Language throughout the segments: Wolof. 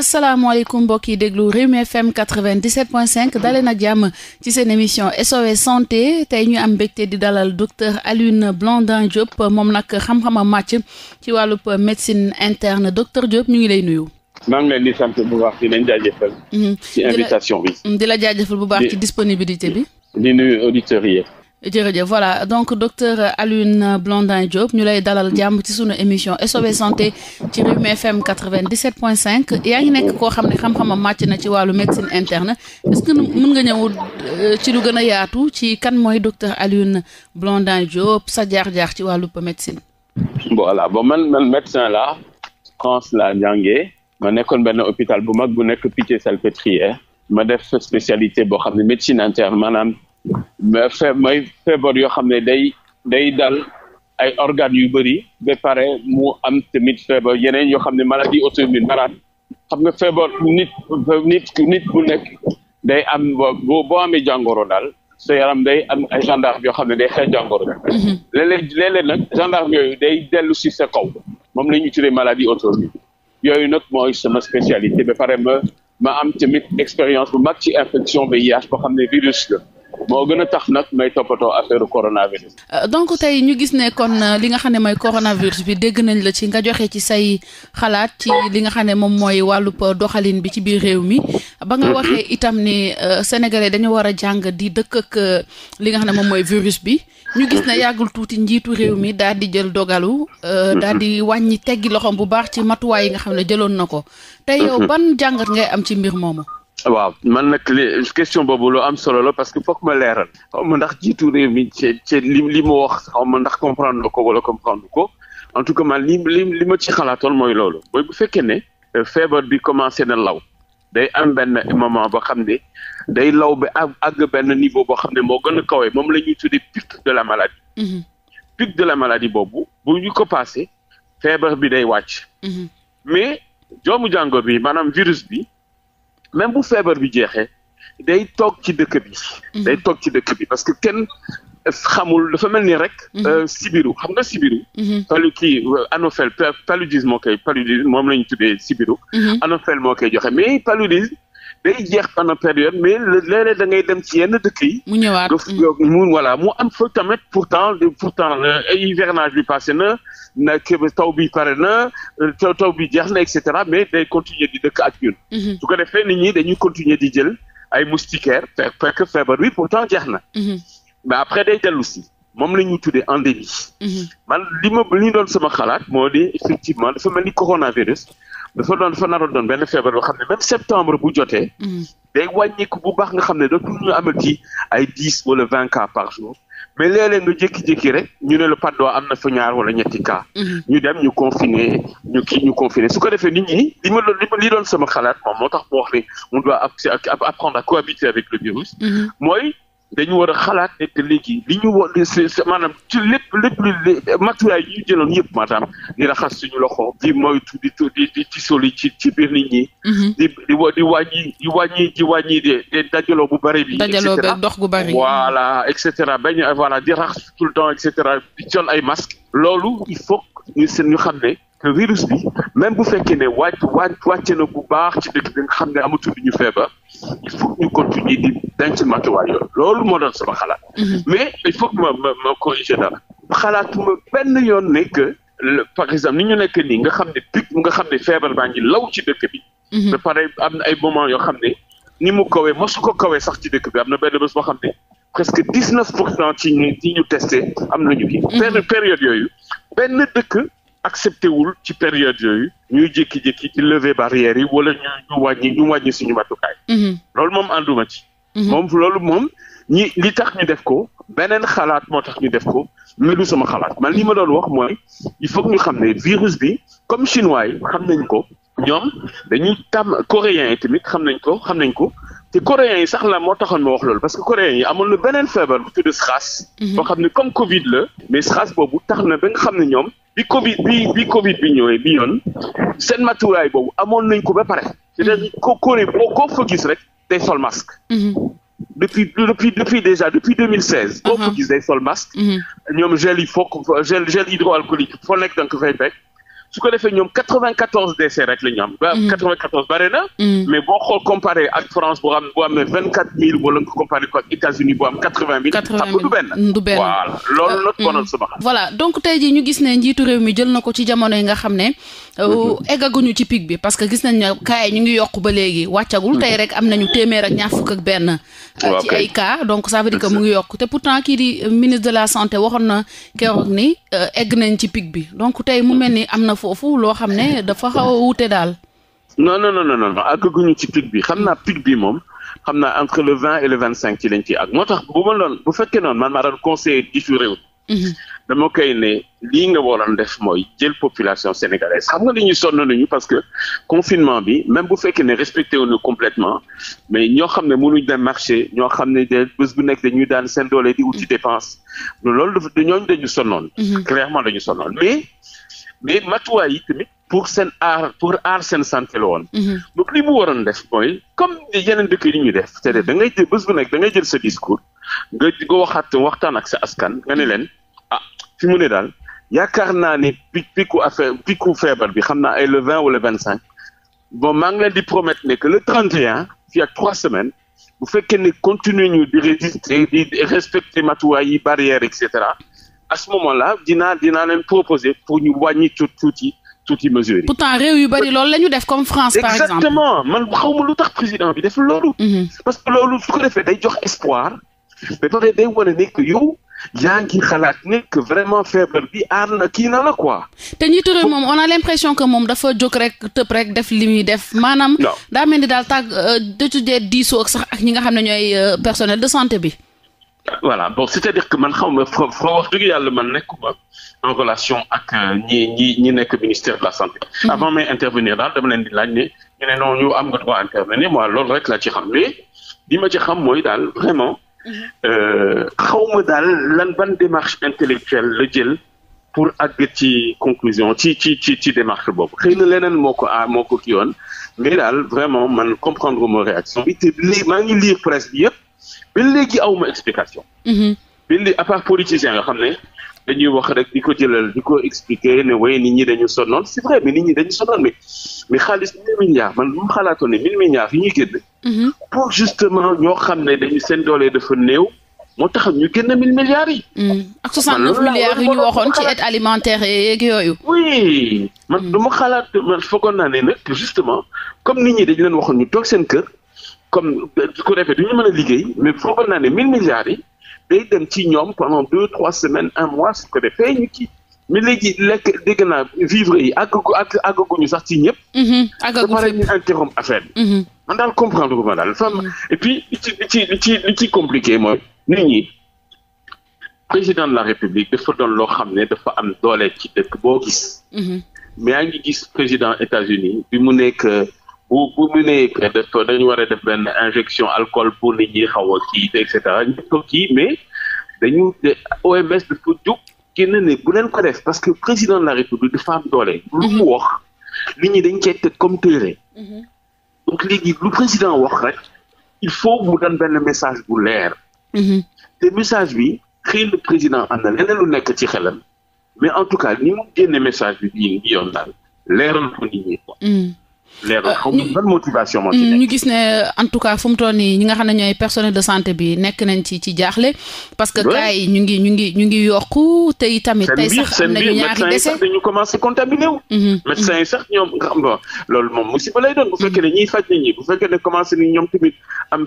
asalaamaaleykum mbokk yi déglu Rewmi FM 97.5 dalee na jàmm ci seen émission SOS santé tey ñu am mbégte di dalal docteur Alioune Blandin Diop moom nag xam-xamam màcc ci wàllub médecine interne docteur Diop ñu ngi lay nuyu. maa ngi leen di sant bu baax di mhm. ci invitation bi. di la jaajëfal bu baax ci disponibilité bi. di nuyu auditeurs jërëjëf voilà donc docteur Alioune Blondin Diop ñu lay dalal jàmm ci sunu émission SOS santé ci Rewmi FM 97.5 yaa ngi nekk koo xam ne xam-xamam xam màcc na ci wàllu médecine interne est-ce que nga ñëw euh, ci lu gën a yaatu ci kan mooy docteur Alioune Blondin Diop sa jaar-jaar ci wàllu médecine. voilà bon man man médecin la France la jàngee ma nekkoon benn hôpital bu mag bu nekk Pitié Salpêtrière ma def spécialité boo xam ne médecine interne maanaam. may feebar yoo xam ne day day dal ay organes yu bëri ba pare mu am tamit feebar yeneen yoo xam ne maladie auto-immune malade xam nga feebar nit nit nit bu nekk day am bo boo amee jàngoro daal sa yaram day am ay gendarme yoo xam ne day xeex jàngoro mm-hmm. léeg-léeg léeg-léeg nag gendarme yooyu day dellu si sa moom la ñuy tuddee maladie auto-immune yooyu nag mooy sama spécialité ba pare ma ma am tamit expérience bu mag ci infection VIH boo xam ne virus la moo gën a tax nag may toppatoo affaire coronavirus. Euh, donc tey ñu gis ne kon euh, li nga xam ne mooy coronavirus bi dégg nañ la ci nga joxe ci say xalaat ci li nga xam ne moom mooy wàllu euh, doxalin bi ci biir réew mi ba nga waxee itam ni sénégalais dañu war a jàng di dëkk ak li nga xam ne moom mooy virus bi ñu gis ne yàggul tuuti njiitu réew mi daal di jël dogalu. daal di wàññi teggi loxoom bu baax ci matuwaay yi nga xam ne jëloon na ko. tey yow mm-hmm. ban jàngat ngay am ci mbir moomu. waaw man nag li question boobu loo am solo la parce que foog ma leeral xaw ma ndax jiitu réew mi ci li li wax xaw ma ndax comprendre ko wala comprendre ko en tout cas man li li li ma ci xalaatoon mooy loolu mooy bu fekkee ne euh, feebar bi commencé na law day am benn moment boo xam ne day law ba àgg benn niveau boo xam ne moo gën a kawee moom la ñuy tuddee pic de la maladie mm-hmm. pic de la maladie boobu bu ñu ko passé feebar bi day wàcc mm-hmm. mais joomu jàngoro bi maanaam virus bi même bu feebar bi jeexee day toog ci dëkk bi. Mhm. day toog ci dëkk bi parce que kenn xamul dafa mel nii rek. Mhm. Euh, sibiru xam nga sibiru. Mhm. palu kii euh, anophèle paludisme moo koy paludisme moom la ñu tuddee sibiru. anophèle moo koy joxe mais paludisme. day jeex a période mais léeg-léeg da ngay dem ci yenn dëkk yi. mu ñëwaat mu voilà mu am fa tamit pourtant pourtant euh, hivernage bi passé na na taw bi pare na euh, taw bi jeex na et cetera mais day continuer di dëkk ak ñun. Mhm. su ko defee ni ñi dañuy continuer di jël ay moustiquaires fekk feebar bi pourtant jeex na. Mhm. mais après day dellu si. moom la ñuy tuddee endémie. Mhm. man li ma li ñu doon sama xalaat moo di effectivement dafa mel ni coronavirus. dafa doon dafa naroon doon benn feebar boo xam ne même septembre bu jotee. Mm. day wàññiku bu baax nga xam ne dootul ñu amati ay dix wala vingt cas par jour mais léeg-léeg nga jékki-jékki rek ñu ne la Patte am na fa ñaar wala ñetti cas. Mm-hmm. ñu dem ñu confiné ñu kii ñu confiné su ko defee ni ñi li ma doon li doon sama xalaat moom moo tax mu wax ne on doit apprendre à cohabiter avec le virus. Mm-hmm. mooy dañu war a xalaat nekk léegi li ñu war maanaam ci lépp lépp matuwaay yi ñu jëloon yëpp maanaam di raxas suñu loxo di moytu di di di tisoli ci ci biir nit ñi. Mhm. di di di wàññi di wàññi di wàññi de dajaloo bu bëri bi. et cetera dox gu bëri. voilà et cetera bañ voilà di raxas tout le cetera di jël ay masques. loolu il faut ñu seen ñu xam ne que virus bi même bu fekkee ne wàcc wàcc wàcce na bu baax ci dëkk bi nga xam ne amatul ñu feebar il faut ñu continuer di denc matuwaay yooyu loolu moo doon sama xalaat. Mhm. mais il faut que ma ma ma corrigé xalaatuma benn yoon ne que par exemple ni ñu nekk nii nga xam ne pic mu nga xam ne feebar baa ngi law ci dëkk bi. Mhm. ba pare am na ay moment yoo xam ne ni mu kawee su ko kawee sax ci dëkk bi am na benn bés boo xam ne. presque dix neuf pour cent ci ñu ci ñu testé am nañu kii. Mhm. période yooyu benn dëkk accepté wul ci période yooyu ñuy jékki-jékki ci lever barrière yi wala ñu ñu wàññi ñu wàññi suñu matukaay. Mhm. loolu moom ànduma ci. Mhm. moom loolu moom ñi li tax ñu def ko beneen xalaat moo tax ñu def ko mais sama xalaat man li ma doon wax mooy il faut ñu xam ne virus bi comme chinois yi xam nañ ko ñoom dañu tam coréens yi tamit xam nañ ko xam nañ ko. te coréens yi sax na moo taxoon ma wax loolu parce que coréens yi amoon na beneen feebar bu tudd SRAS. Mhm. boo xam ne comme Covid la. mais SRAS boobu tax na ba nga xam ne ñoom. bi Covid bi bi Covid bi ñëwee bi yoon seen matuwaay boobu amoon nañ ko ba pare. c'est-à-dire ko mhm. Corée boo ko fa gis rek day sol masque. Mhm. depuis depuis depuis déjà depuis 2016. boo ko uh-huh. gis day sol masque. ñoom gel yi foog gel gel hydroalcoolique foo nekk da nga su ko defee ñoom 94 décès rek la ñu am. Mm. bare na. Mm. mais boo xool comparé ak France boo xam boo amee 24000 wala nga comparé ko ak États-Unis boo euh, mm. xam voilà loolu tey jii ñu gis ne njiitu réew mi jël na ko ci jamono yi nga xam ne. Euh, mm-hmm. eggaguñu ci pic bi parce que gis nañ ne yi ñu ngi yokk ba léegi wàccagul mm-hmm. tey rek am nañu téeméer ak ñaar fukk ak benn. Euh, ci ay donc ça veut dire mu ngi yokk te pour temps kii di ministre de la santé waxoon na keroog ni egg nañ ci pic bi donc tey mu mel ni am na. foofu loo xam ne dafa xaw a wuute daal. non non non non non àggaguñu ci pic bi xam naa pic bi moom xam naa entre le vingt et le vingt cinq ci lañ ciy moo tax bu ma doon bu fekkee noonu man maa doon conseiller di ci réew. Mhm. dama koy ne lii nga waroon def mooy jël population sénégalaise xam nga dañuy sonn nañu parce que confinement bi même bu fekkee ne respecté wuñu complètement mais ñoo xam ne mënuñ dem marché ñoo xam ne de bés bu nekk dañuy daan seen doole di wuti dépense loolu dafa ñooñu dañu sonnoon. Mhm. clairement dañu sonnoon mais. mais matuwaay yi tamit pour seen aar pour aar seen santé loon woon. Mhm. donc mu waroon def mooy comme yeneen dëkk yi ñu def cest à dangay da jël bés nekk da ngay jël sa discours nga nga waxaat waxtaan ak sa askan nga ne leen ah fi mu ne daal yaakaar naa ne pic picu picu feebar bi xam naa ay le vingt wala vingt cinq bon maa ngi leen di promettre ne que le trente et un fii ak trois semaines. bu fekkee ne continuer ñu di résister di respecter matuwaay yi barrières et cetera à ce moment-là dinaa dinaa leen proposer pour ñu wàññi tuuti tuuti tuuti mesures yi. pourtant réew yu bari loolu la ñu def comme France. par exemple exactement man xawma lu tax président bi def loolu. Mhm. parce que loolu su ko defee day jox espoir. ba pare day wane ne yow yaa ngi xalaat ne vraiment feebar bi aar na kii na la quoi. te njiitu réew moom on a l'impression que moom dafa jóg rek tëb rek def li muy def maanaam. daa mel ni daal tàgg euh, de tuddee diisoo ak sax ak ñi nga xam ne ñooy euh, personnel de santé bi. voilà bon cest à que man xaw ma foo foo wax yàlla man nekkuma en relation ak euh, ñi ñi ñi nekk ministère de la santé. Mhm. avant may intervenir daal dama leen laaj ne ñu ne non ñu am nga droit intervenir moi loolu rek laa ci xam mais li ma ci xam mooy daal vraiment. Mhm. Euh, xaw ma daal lan ban démarche intellectuelle la jël. pour àgg ci conclusion ci ci ci ci démarche boobu xëy na leneen moo a ah, moo ko kii woon mais daal vraiment man comprendre ma réaction bi ngi lire presse bi yëpp. ba léegi awma explication. Mhm. ba léegi à part politicien nga xam ne dañuy wax rek di ko jëlal di ko expliquer ne waaye nit ñi dañu sonnoon c'est vrai mais nit ñi dañu sonnoon mais mais xaalis mille milliards man bu mu ne mille milliards yi ñuy génn. Mhm. pour justement ñoo xam ne dañu seen doole dafa néew. moo tax ñu génn mille milliards yi. Mhm. ak 69 milliards yu alimentaire yeeg yooyu. oui man du ma xalaat man foogoon naa ne nag justement comme nit ñi dañu leen waxoon ñu toog seen kër. comme su ko defee du ñu mën a liggéey mais foogoon naa ne mille milliards yi dem ci ñoom pendant deux trois semaines un mois su ko defee ñu kii mais léegi lekk dégg vivre yi àggagu àggaguñu sax ci ñëpp. Mhm, àggaguñu ba pare ñu interrompre affaire bi. Mhm. man daal comprendre ko ma daal femme mhm. et puis ci li ci compliqué mooy nit ñi président de la république dafa doon loo xam ne dafa am doole ci dëkk boo gis. mais yaa ngi gis président États-Unis bi mu nekk. bu bu ñu nee def ko dañu war a def benn injection alcool pour nit ñi xaw a kii et cetera ñu ko kii mais dañu OMS dafa jóg génn ne bu leen ko def parce que président de la république dafa am doole. lu mu wax nit dañ cee teg comme téere. Mhm. donc léegi lu président wax rek il faut mu daan benn message bu leer. Mhm. te message bi xëy na président am na lu nekk ci xelam mais en tout cas ni mu génne message bi nii yoon daal leeral ko nit ñi quoi. Mhm. Euh, ma ban motivation mm, tout cas fu mu toll nii ñi nga xam ne ñooy personnel de santé bi nekk nañ ci ci jaaxle. parce que ñu ngi ñu ngi ñu ngi yokku te itamit. tey sax am nañu ñaari dese seen biir médecin yi sax dañu commencé comptabiliser wu. Mm-hmm, mm-hmm. médecin yi sax ñoom lay doon. bu mm-hmm. fekkee ne ñiy faj nit ñi bu fekkee ne commencé ni ñoom tamit am.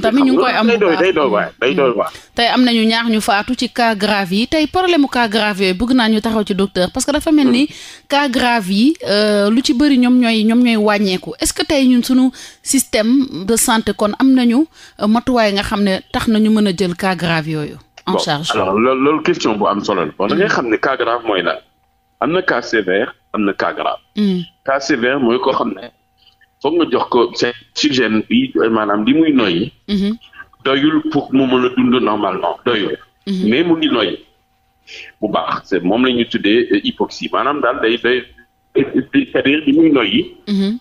tamit ñu ngi koy am bu baax day doy waay day doy waay. ñu faatu ci cas grave yi tey problème mu cas grave yooyu bëgg naa ñu taxaw ci docteur parce que dafa mel ni hmm. cas grave yi euh, lu ci bëri ñoom ñooy ñoom wàññeeku est-ce que tey ñun suñu système de santé kon am nañu euh, matuwaay nga xam ne tax nañu mën a jël cas grave yooyu en charge alors loolu question bu am solo la bon da ngay xam ne cas mooy lan am na cas sévère am na cas hmm. mooy koo xam ne nga jox ko seen oxygène bi maanaam li muy nooy hmm. doyul pour mu mën a dund normalement doyul hmm. mais mu ngi noyyi bu baax moom la ñu tuddee euh, hypoxie maanaam daal day day bi muy noyyi. Mhm.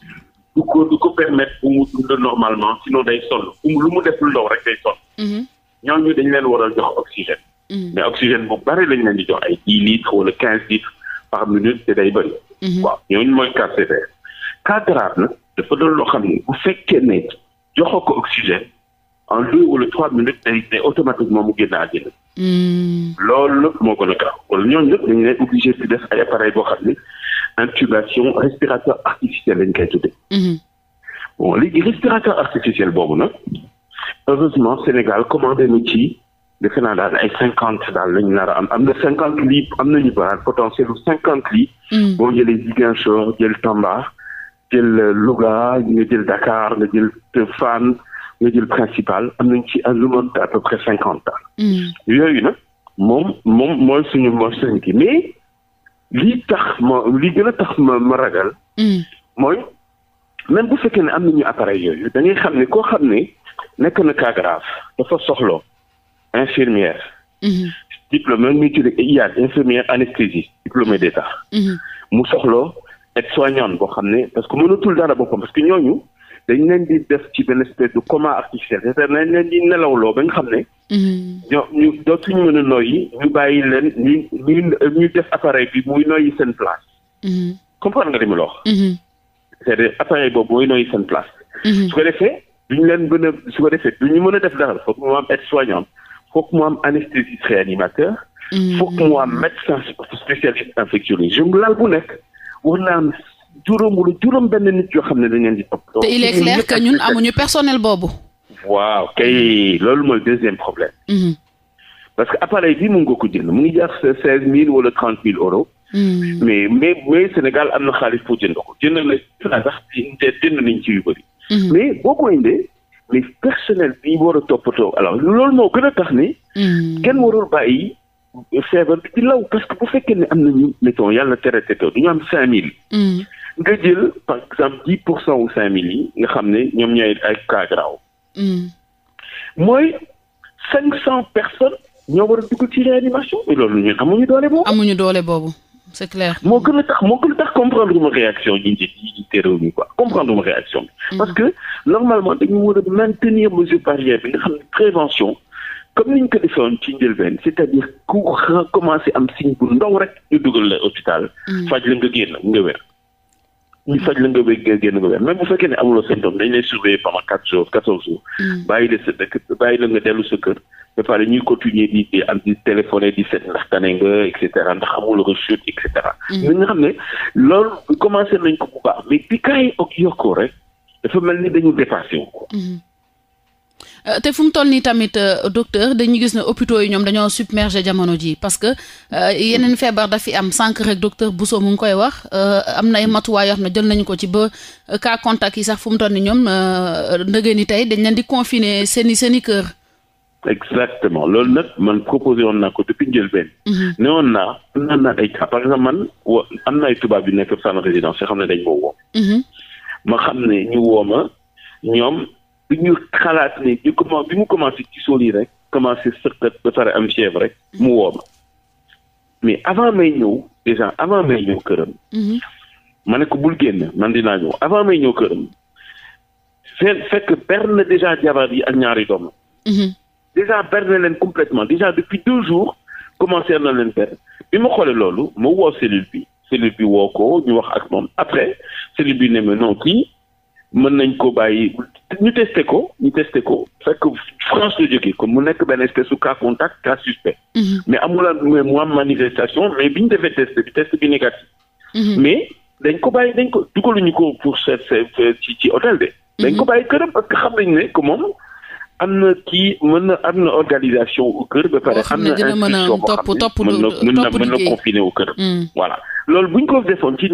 du ko du ko permettre bu mu dund normalement sinon day sonn lu mu def lu ndaw rek day sonn. Mhm. ñooñu dañ leen war a jox oxygène. Mhm. mais oxygène bu bari lañ leen di jox ay dix litres wala quinze litres par minute te day bëri. waaw ñooñu mooy cas sévère. cas grave nag dafa doon loo xam ne bu fekkee ne joxoo ko oxygène en deux wala trois minutes te day automatiquement mu génn àddina. loolu lépp moo gën a gaaw wala ñooñu lépp dañu ne obligé di def ay appareil boo xam ne. intubation respirateur artificiel lañ koy tuddee. Mhm. bon léegi respirateur artificiel boobu nag heureusement Sénégal commandé na ci defe naa daal ay cinquante daal lañu nar am am na cinquante lits am nañu baal potentiel bu cinquante lits. Mhm. boo jëlee Ziguinchor jël Tamba jël Louga nga jël Dakar nga jël Fann nga jël principal am nañ ci lu mot à peu près cinquante daal. Mhm. yooyu nag moom moom mooy suñu mooy suñu kii mais. lii tax ma li gën a tax ma ma ragal. Mm. mooy même bu fekkee ne am na ñu appareil yooyu da ngay xam ne koo xam ne nekk na cas grave dafa soxlo infirmière. Mm-hmm. diplômé ñu tuddee IAD infirmière anesthésie diplômé d'état mm-hmm. mu soxlo aide soignante boo xam ne parce que mënatul dara boppam parce que ñooñu. dañ leen di def ci benn espèce de coma artificiel c'est-à-dire dañ leen di nelawloo ba nga xam ne. Mm-hmm. ñoo ñu dootuñu mën a noyyi ñu bàyyi leen ñu ñu ñu def appareil bi muy noyyi seen place. Mm-hmm. comprendre nga li ma la wax. Mm-hmm. cest à boobu mooy noyyi seen place. su ko defee duñ leen mën a su ko defee duñu mën a def dara foog mu am aide-soignante foog mu am anesthésiste réanimateur. foog mu am médecin spécialiste infectiologie laal bu nekk war juróom wala juróom benn nit yoo xam ne dañ leen di topp. te il est clair que ñun amuñu personnel boobu. waaw kay loolu mooy deuxième problème. Mm-hmm. parce que appareil bi mu nga ko jënd mu ngi jar seize mille wala trente mille euros. Mm-hmm. mais mais mais Sénégal am na xaalis pour jënd na sax jënd mm-hmm. boo ko indee mais personnel bi war a toppatoo alors loolu moo gën a tax ni. kenn warul bàyyi feebar bi di law parce que bu fekkee ne am nañu mettons yàlla tere te du ñu am cinq mille. nga jël par exemple dix pour cent ou cinq mille yi nga xam ne ñoom ñooy ay cas grave mm. mooy cinq cent personnes ñoo war a dugg ci réanimation mais loolu ñun amuñu doole boobu. amuñu doole boobu c'est clair. moo gën a tax moo gën a tax comprendre ma réaction yi njëkk yi teerew mi mm. que normalement dañu a maintenir mesure barrière bi nga comme ni ko defoon ci njëlbeen c'est-à-dire am signe bu ndaw rek ñu dugal la hôpital. Mm. faj la nga génn nga wér. ñu faj la nga bëgg génn nga weer même bu fekkee ne amuloo symptôme dañ lay surveiller pendant quatre jours jours. Mm. bàyyi la sa bàyyi la nga dellu sa kër. ba pare ñuy continuer di di am di téléphoné di seet ndax tane et cetera ndax amul rechute et cetera. mais mm. nga xam ne loolu commencé nañ ko bu baax mais bi kaay ok yokkoo rek dafa mel ni dañu dépassé ko. Mm. Euh, te fu mu toll nii tamit euh, docteur dañuy gis ne hôpitaux yi ñoom dañoo submergé jamono ji parce que euh, yeneen feebar dafi am sànq rek docteur Bousso mu ngi koy wax am na ay matuwaay yoo xam ne jël nañu ko ci ba cas contact yi sax fu mu toll nii ñoom ndëgën ni tey dañ leen di confiner seeni seeni kër. exactement loolu nag man proposé woon naa ko depuis njëlbeen. Mhm. ne woon naa am naa na ay tubaab yu nekk salle résidence yoo xam ne dañ ma woo. Mhm. ma xam ne ñu woo ñoom. bi ñu xalaat ne ñu bi mu commencé ci sol yi rek commencé sëqat ba pare am chèvre rek mu wooma mais avant may ñëw déjà avant may ñëw këram mhm. ma ne ko bul génn man dinaa ñëw avant may ñëw këram fekk ber na déjà jabar yi ak ñaari doom mhm. déjà ber na leen complètement déjà depuis deux jours commencé na leen ber bi ma xoolee loolu ma woo cellule bi cellule bi woo ko ñu wax ak moom après cellule bi ne ma non kii mën nañ ko bàyyi ñu testé ko ñu testé ko fekk France la kon mu nekk benn espèce su cas contact cas suspect. Mhm. mais amul mais mu am manifestation mais bi ñu defee test bi test bi négatif. Mhm. mais dañ ko bàyyi dañ ko dugaluñu ko pour seet ci ci hôtel de. dañ ko mhm. bàyyi këram parce que xam nañ ne que moom am na kii mën na am na organisation au kër ba pare. am na institution boo xam ne mën na mën na confiner au kër. Mm. voilà loolu bu ñu ko defoon ci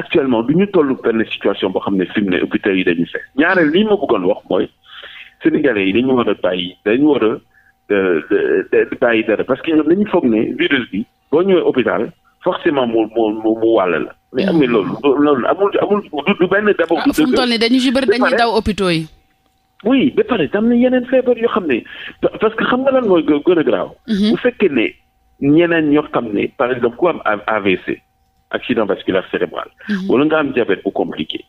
actuellement du ñu toll benn situation boo xam ne fi mu ne hôpital yi dañu fees ñaareel lii ma bëggoon wax mooy sénégalais yi dañu war a bàyyi dañu war a euh, bàyyi dara parce que ñoom dañu foog ne virus bi boo ñëwee hôpital forcément mu mu mu mu wàll la mais am na mm. loolu loolu amul amul du benn d'abord. Ah, fu mu toll nii dañu si bëri dañuy daw hôpitaux yi. oui ba pare am na yeneen feebar yoo xam ne parce que xam nga lan mooy gën a garaaw. Mm-hmm. bu fekkee ne ñeneen ñoo accident vasculaire cérébral mhm. wala nga am diabète bu compliqué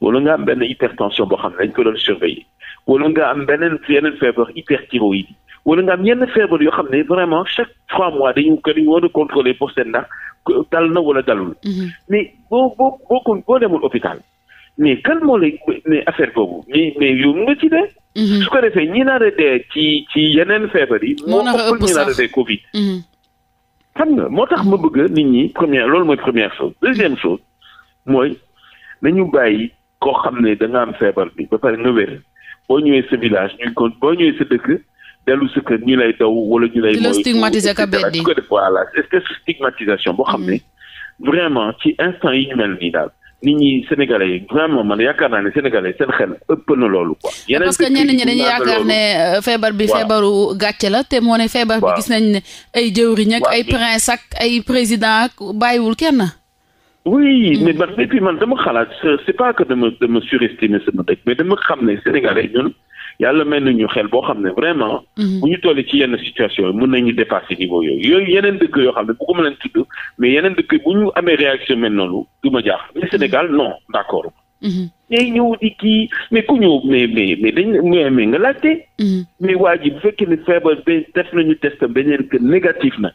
wala nga am benn hypertension boo xam ne dañ ko doon surveiller wala nga am beneen yeneen feebar hyperthyroïde wala nga am yenn feebar yoo xam ne vraiment chaque trois mois dañu ko dañu war a contrôler pour seen dal na wala dalul mhm. mais boo boo boo ko boo demul hôpital mais kan moo lay mais affaire boobu mais mais yow nga ci dee mhm. su ko defee ñi nar a dee ci ci yeneen feebar yi moo ëpp ñi nar a dee covid xam nga moo tax ma bëgg nit ñi première loolu mooy première chose deuxième chose mooy nañu bàyyi koo xam ne da nga am feebar bi ba pare nga wér boo ñëwee sa village ñuy kon boo ñëwee sa dëkk dellu sa kër ñu lay daw wala ñu lay. di la stigmatiser ka beddi voilà est-ce que stigmatisation boo xam ne mm. vraiment ci instant yi ñu mel nii daal. nit ñi sénégalais yi vraiment man yaakaar naa ne sénégalais seen xel ëpp na loolu quoi. Ah, yeneen parce que ñenn ñi dañuy euh, bi feebaru gàcce la te moo ne feebar bi gis nañ ne ay jëwriñ ak ay prince ak ay président ak bàyyiwul kenn. oui hmm. mais man depuis man dama xalaat c'est pas que dama dama surestimer sama dëkk mais dama xam ne sénégalais ñun. yàlla mel na ñu xel boo xam ne vraiment. Mhm. bu ñu tollee ci yenn situation yi mën nañu dépasser niveau yooyu yooyu yeneen dëkk yoo xam ne bu ko mën tudd mais yeneen dëkk bu ñu amee réaction mel noonu du ma jaax mais Sénégal non d' accord. mais mhm. ñëw kii mais ku ñëw mais mais mais mais nga laajte. Mhm. mais waa ji bu fekkee ne feebar ba def nañu test beneen que négatif na.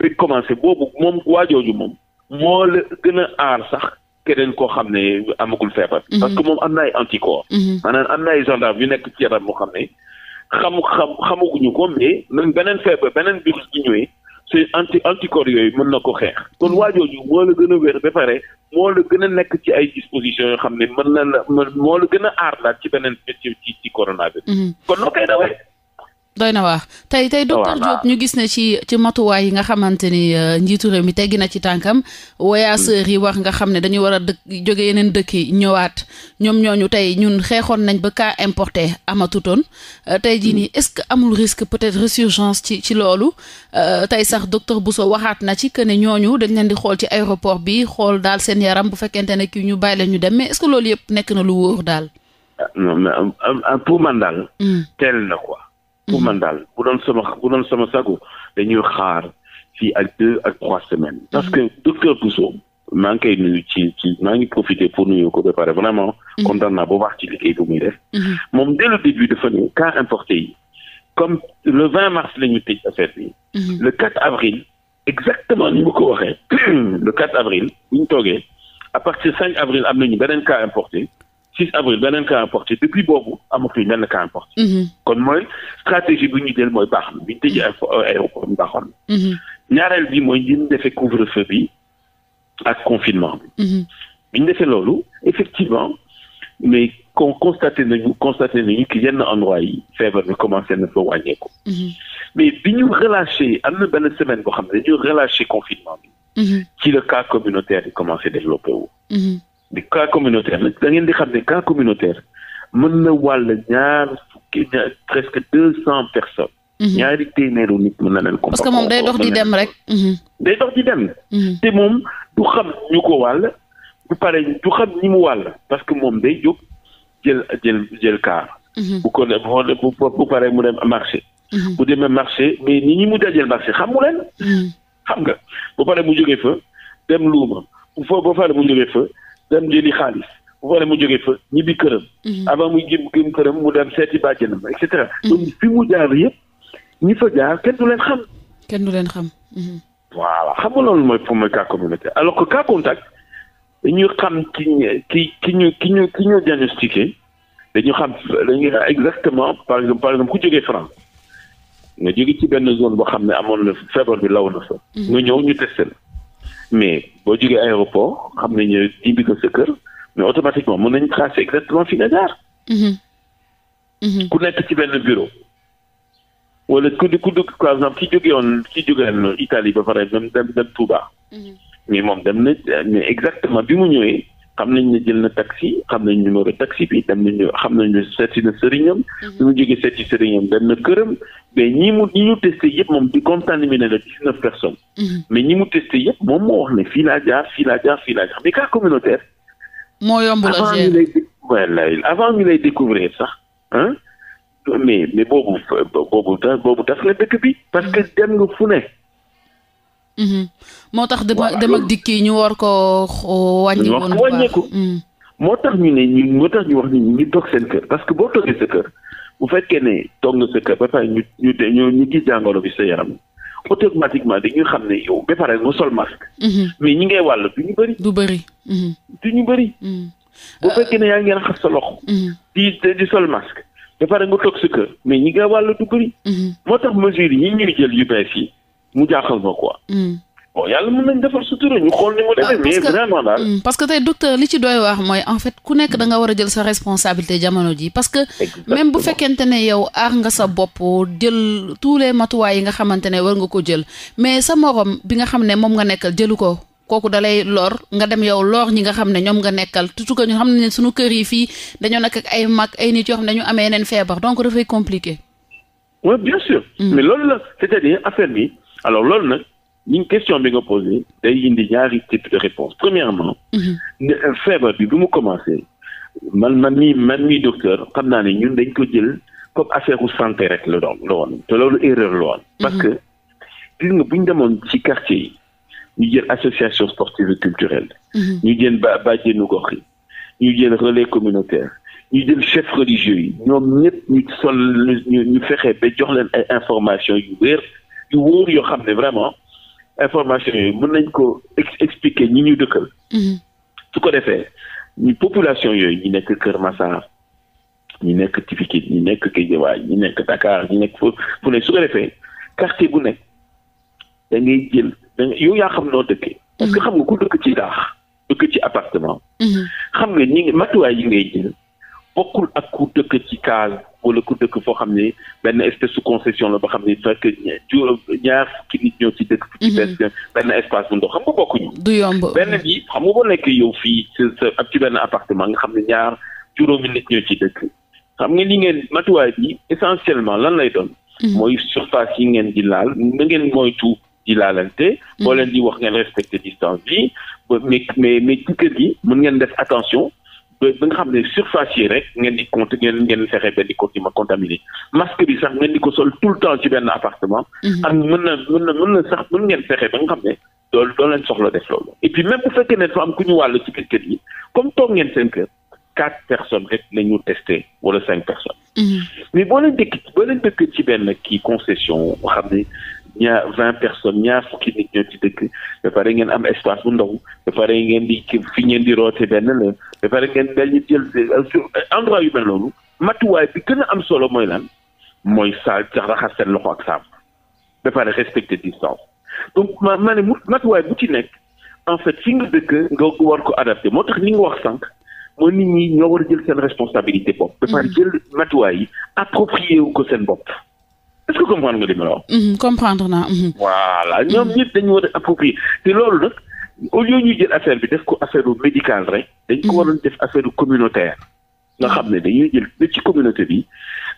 rek commencé boobu moom waajooju moom moo la gën a aar sax. keneen koo xam ne amagul feebar. Mhm. parce que moom am na ay anticorps. Mhm. maanaam am na ay gendarme yu nekk ci yaram moo xam ne xamu xam xamaguñu ko mais même beneen feebar beneen virus bi ñëwee c'est anti anticorps yooyu mën na ko xeex. kon mhm. waa jooju moo la gën a wér ba pare moo la gën a nekk ci ay dispositions yoo xam ne mën na la moo la gën a aar daal ci beneen ci ci coronavirus. kon noo dawee. doy na waa tey tey docteur Diop ñu gis ne ci matuwaay yi nga xamante ni euh, njiitu réew mi teggi na ci tànkam voyageurs yi wax nga xam ne dañu war a dëkk jóge yeneen dëkk yi ñëwaat ñoom ñooñu tey ñun xeexoon nañ ba cas importé amatutoon euh, tey jii nii est-ce que amul risque peut-être résurgence ci ci loolu euh, tey sax docteur Bousso waxaat na ci que ne ñooñu dañ leen di xool ci aéroport bi xool daal seen yaram bu fekkente ne kii ñu bàyyi la ñu dem mais est loolu yëpp nekk na lu wóor daal. man daal. Hmm. pour mhm. man daal bu doon sama bu doon sama sago dañuy xaar fii ak deux a trois semaines. parce mhm. que docteur Bousso. maa ngi koy nuyu ci ci maa ngi profité pour nuyu ko ba pare vraiment. Mhm. kontaan naa bu baax ci liggéey dès le début dafa ne cas importé comme le mars la ñu tëj affaire bi. le 4 avril. exactement ni mu ko waxee. le 4 avril bu ñu toogee. à partir 5 avril am nañu beneen cas importé. 6 avril beneen cas importé depuis boobu amatul benn cas importé. Mhm. kon mooy stratégie bi ñu jël mooy baax na bi ñu tëjee euh, aéroport bi baaxoon na. Mhm. ñaareel bi mooy ñu defee couvre feu bi ak confinement bi. Mhm. bi ñu defee loolu effectivement mais kon constaté nañu constaté nañu que yenn endroit yi feebar bi commencé na fa wàññeeku. mais bi ñu relâché am na benn semaine boo xam ne dañu relâché confinement bi. ci le cas communautaire yi commencé développé wu. di cas communautaire nag da ngeen di xam ne cas communautaire mën na wal ñaar fukki ñaar presque deux cent personnes. Mhm. ñaari téeméeru nit mën na leen ko. parce que moom day dox di dem rek. Mhm. day dox di dem. Mhm. te moom du xam ñu ko wal bu pare du xam ñi mu wàll parce que moom day jóg jël jël jël kaar. bu ko def bu bu pare mu dem marché. bu demee marché mais nit ñi mu dajeel marché xamu leen. xam nga bu pare mu joge fa dem luuma bu fo ba pare mu jógee fa. dem jëli xaalis bu paree mu jógee fa ñibbi këram. Mhm. avant muy jëm gëm këram mu dem seeti bàjjenam et cetera. Mhm. donc fi mu jaar yëpp ñi fa jaar kenn du leen xam. kenn du leen xam. Mhm. voilà xam nga loolu mooy pour mooy cas communautaire alors que cas contact dañuy xam ki ki ki ñu ki ñu ki ñu diagnostiqué dañu xam dañuy exactement par exemple par exemple ku jógee France nga jóge ci benn zone boo xam ne amoon na feebar bi law na fa. nga ñëw ñu testé la. mais boo jógee aéroport xam nañu ñibbi ko sa kër mais automatiquement mën nañ tracer exactement fi nga jaar. Mhm. Mhm. ku nekk ci benn bureau. wala ku ku dugg par exemple ki jógee woon ki jógee woon Italie ba pare dem dem Touba. Mhm. mais moom dem na exactement bi mu ñëwee. xam nañ ne jël na taxi xam nañ numéro taxi bi dem nañu xam nañu seeti na sëriñam mhm. bi mu jógee seeti sëriñam dem na këram mais ñi mu ñi ñu testé yëpp moom di contaminé la dix neuf personnes mhm. mais ñi mu testé yëpp moom moo wax ne fii laa jaar fii laa jaar fii laa jaar mais cas communautaire moo yomb la avant ñu lay voilà avant sax ah mais mais boobu boobu boobu tas la dëkk bi parce que mhm. dem nga fu ne Mhm. moo tax dama dem ak dikk yi ñu war ko wàññi woon wàññeeku mhm. moo tax ñu ne ñu moo tax ñu wax ni ñu toog seen kër parce que boo toogee sa kër bu fekkee ne toog sa kër ba pare ñu ñu ñu gis bi sa yaram automatiquement dañuy xam ne yow ba pare nga sol masque mhm. mais ñi ngay wàll du ñu bëri du bëri du ñu bëri bu euh, fekkee ne yaa ngi raxas sa loxo di di sol masque ba pare nga toog sa kër mais ñi ngay wàll du bëri moo tax mesure yi ñuy jël yu bees yi mu jaaxal ma quoi. Hmm. bon yàlla mën ah, hmm, parce que tey docteur li ci doy wax mooy en fait ku nekk da nga war a jël sa responsabilité jamono ji parce que. même bu fekkente ne yow aar nga sa bopp jël tous les matuwaay yi nga xamante ne war nga ko jël mais sa morom bi nga xam ne moom nga nekkal jëlu ko. kooku dalay lor nga dem yow lor ñi nga xam ne ñoom nga nekkal surtout que ñu xam ne suñu kër yi fii dañoo nekk ak ay mag ay nit yoo xam ne dañu amee yeneen feebar donc dafay compliqué. oui hmm. bi. alors loolu nag ñi question bi nga posé day indi ñaari type de réponse premièrement mhm. euh, feebar bi du mu commencé man man mi man mi docteur xam naa ne ñun dañ ko jël comme affaire u santé rek la doon la te loolu erreur la woon mhm. parce que gis nga bu demoon ci quartier yi ñu jël association sportive et culturelle mhm. ñu jël ba bàjjenu gox yi ñu jël relais communautaire ñu jël chef religieux yi ñoom ñëpp ñu sol ñu fexe ba jox leen ay information yu wér yu wóor yoo xam ne vraiment information yooyu mën nañ ko expliquer ñi ñu dëkkal. Mhm. su ko defee ñu population yooyu ñu nekk Kër Massar ñu nekk Tifikin ñu nekk ki Guédiawaye ñu nekk Dakar ñu nekk fu fu ne su ko defee quartier bu nekk da ngay jël da yaa xam noo dëkkee. parce mhm. xam nga ku dëkk ci daax dëkk ci apartement mhm. xam nga ñi matuwaay yi ngay jël. bokkul ak ku dëkk ci kaal wala ku dëkk foo xam ne benn espèce su concession la ba xam ne fekk ñaar fukki nit ñoo ci dëkk. Mhm. ci benn espace bu ndox xam nga bokk du yomb benn bi xam nga boo nekk yow fii sa ab benn appartement nga xam ne ñaar juróomi nit ñoo ci dëkk. xam nga li ngeen matuwaay bi essentiellement lan lay doon. Mhm. mooy surface yi ngeen di laal na ngeen moytu di laalante. Mhm. boo leen di wax ngeen respecté distance bi mais mais mais ci kër gi mën ngeen def attention. ba nga xam ne surface yi rek ngeen di compte ngeen ngeen fexe benn continent contaminé masque bi sax ngeen di ko tout le temps ci benn appartement. Mhm. ak mën na mën na mën na sax mën ngeen fexe ba nga xam ne. loolu doo leen soxla def loolu. et puis bu fekkee ne dafa am ku ñu wàll ci kër yi toog ngeen seen kër quatre personnes rek la ñu testé cinq personnes. Mhm. mais boo leen dëkk ci benn kii concession xam ne ñaar vingt personnes ñaar fukki nit ñoo ci dëkk ba pare ngeen am espace bu ndaw ba pare ngeen di fi ngeen di roote benn la ba pare ngeen dañu jël euh, euh, endroit yu mel noonu matuwaay bi gën a am solo mooy lan mooy saa sax raxas seen loxo ak saabu ba pare respecter distance donc ma ma ne matuwaay bu ci nekk en fait fi nga dëkk nga war ko adapté moo tax ni nga wax sànq. moo nit ñi ñoo war jël seen responsabilité bopp. ba pare mm. jël matuwaay yi approprié wu ko seen bopp. est-ce que comprendre nga li comprendre naa. Mm-hmm. voilà mm-hmm. ñoom ñëpp dañu war a approprier te loolu nag au lieu ñuy jël affaire bi def ko affaire médicale rek. dañ ko mm-hmm. waroon def affaire communautaire. nga xam ne dañuy jël ci communauté bi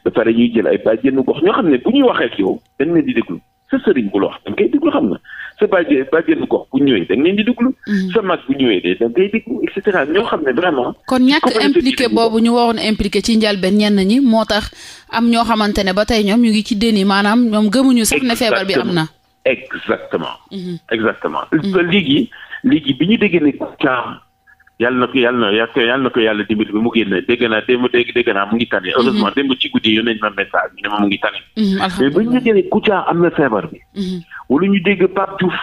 ba ñuy jël ay yenn gox ñoo xam ne bu ñuy waxee ak yow dañ leen di déglu. sa sëriñ bu la wax da nga koy déglu xam nga sa bàjjee bàjjenu gox bu ñëwee da nga leen di mm. sa mag bu ñëwee de da nga koy déglu et cetera ñoo xam ne vraiment. kon ñàkk impliqué boobu ñu waroon impliqué ci njëlbeen ñenn ñi moo tax am ñoo xamante ne ba tey ñoom ñu ngi ci déni maanaam ñoom gëmuñu sax ne feebar bi am na. exactement mm-hmm. exactement. Mm-hmm. léegi léegi bi ñu déggee ne yal na ko yàlla na yàlla na ko yàlla dimbali bi mu génn dégg naa démb dégg dégg naa mu ngi tane mhm. heureusement démb ci guddi yónnee na message ñu ne ma mu ngi tane mhm, mais bu ñu déggee Kouthia am na feebar bi mhm. wala ñu dégg Pape Diouf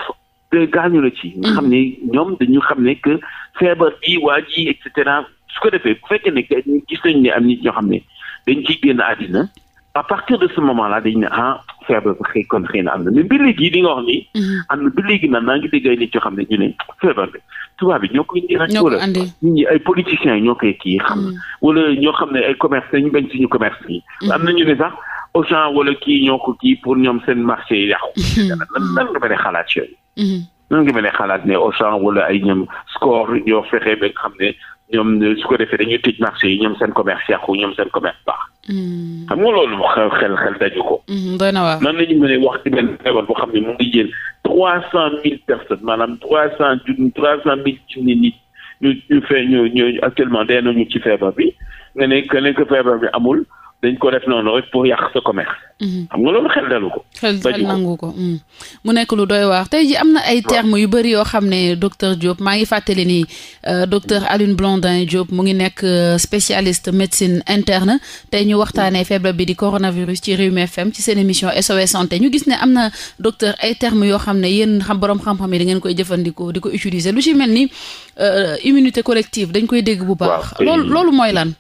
gaañu na ci nga xam ne ñoom dañu xam ne que feebar bi waa ji et cetera su ko defee bu fekkee ne gis nañ ne am nit ñoo xam ne dañ ciy génn àddina à partir de ce moment là dañ ne ah feebar bi xëy kon xëy na am na mais ba léegi li nga wax nii. Mm-hmm. am na ba léegi nag maa ngi dégg ay nit yoo xam ne ñu a feebar bi tubaab bi ñoo koy indi rek. wala nit ñi ay politiciens yi ñoo koy kii xam. Mm-hmm. wala ñoo xam ne ay commerce ñu bañ suñu commerce yi. Mm-hmm. am na ñu ne sax Auchan wala kii ñoo ko kii pour ñoom seen marché yi yàqu. lan lan nga mën a xalaat nan nga mën a xalaat ne Auchan wala ay ñoom score ñoo fexe ba xam ne ñoom su ko defee dañuy tëj marché yi ñoom seen commerce yàqu ñoom seen commerce baax. Hmm. xam nga loolu xel xel xel dañu ko. Hmm, doy nan la ñu mën a wax ci benn feebar boo xam ne mu ngi jël trois cent mille personnes maanaam trois cent junni trois cent mille junni nit ñu ñu fee ñu ñu actuellement dee nañu ci feebar bi nga ne que ne que feebar bi amul. dañ ko def noonu rek pour yàq mhm. loolu xel dalu ko. xel nangu ko mhm. mu nekk lu dooy waax tey ji am na ay termes yu bëri yoo xam ne docteur Diop maa ngi fàttali nii euh, docteur Alioune Blondin Diop mu ngi nekk euh, spécialiste médecine interne tey ñu waxtaanee feebar bi di coronavirus ci Rewmi FM ci seen émission SOS santé ñu gis ne am na docteur ay termes yoo xam ne yéen xam borom xam-xam yi da ngeen koy jëfandikoo di ko utiliser lu ci mel ni euh, immunité collective dañ koy dégg bu baax. l loolu mooy lan.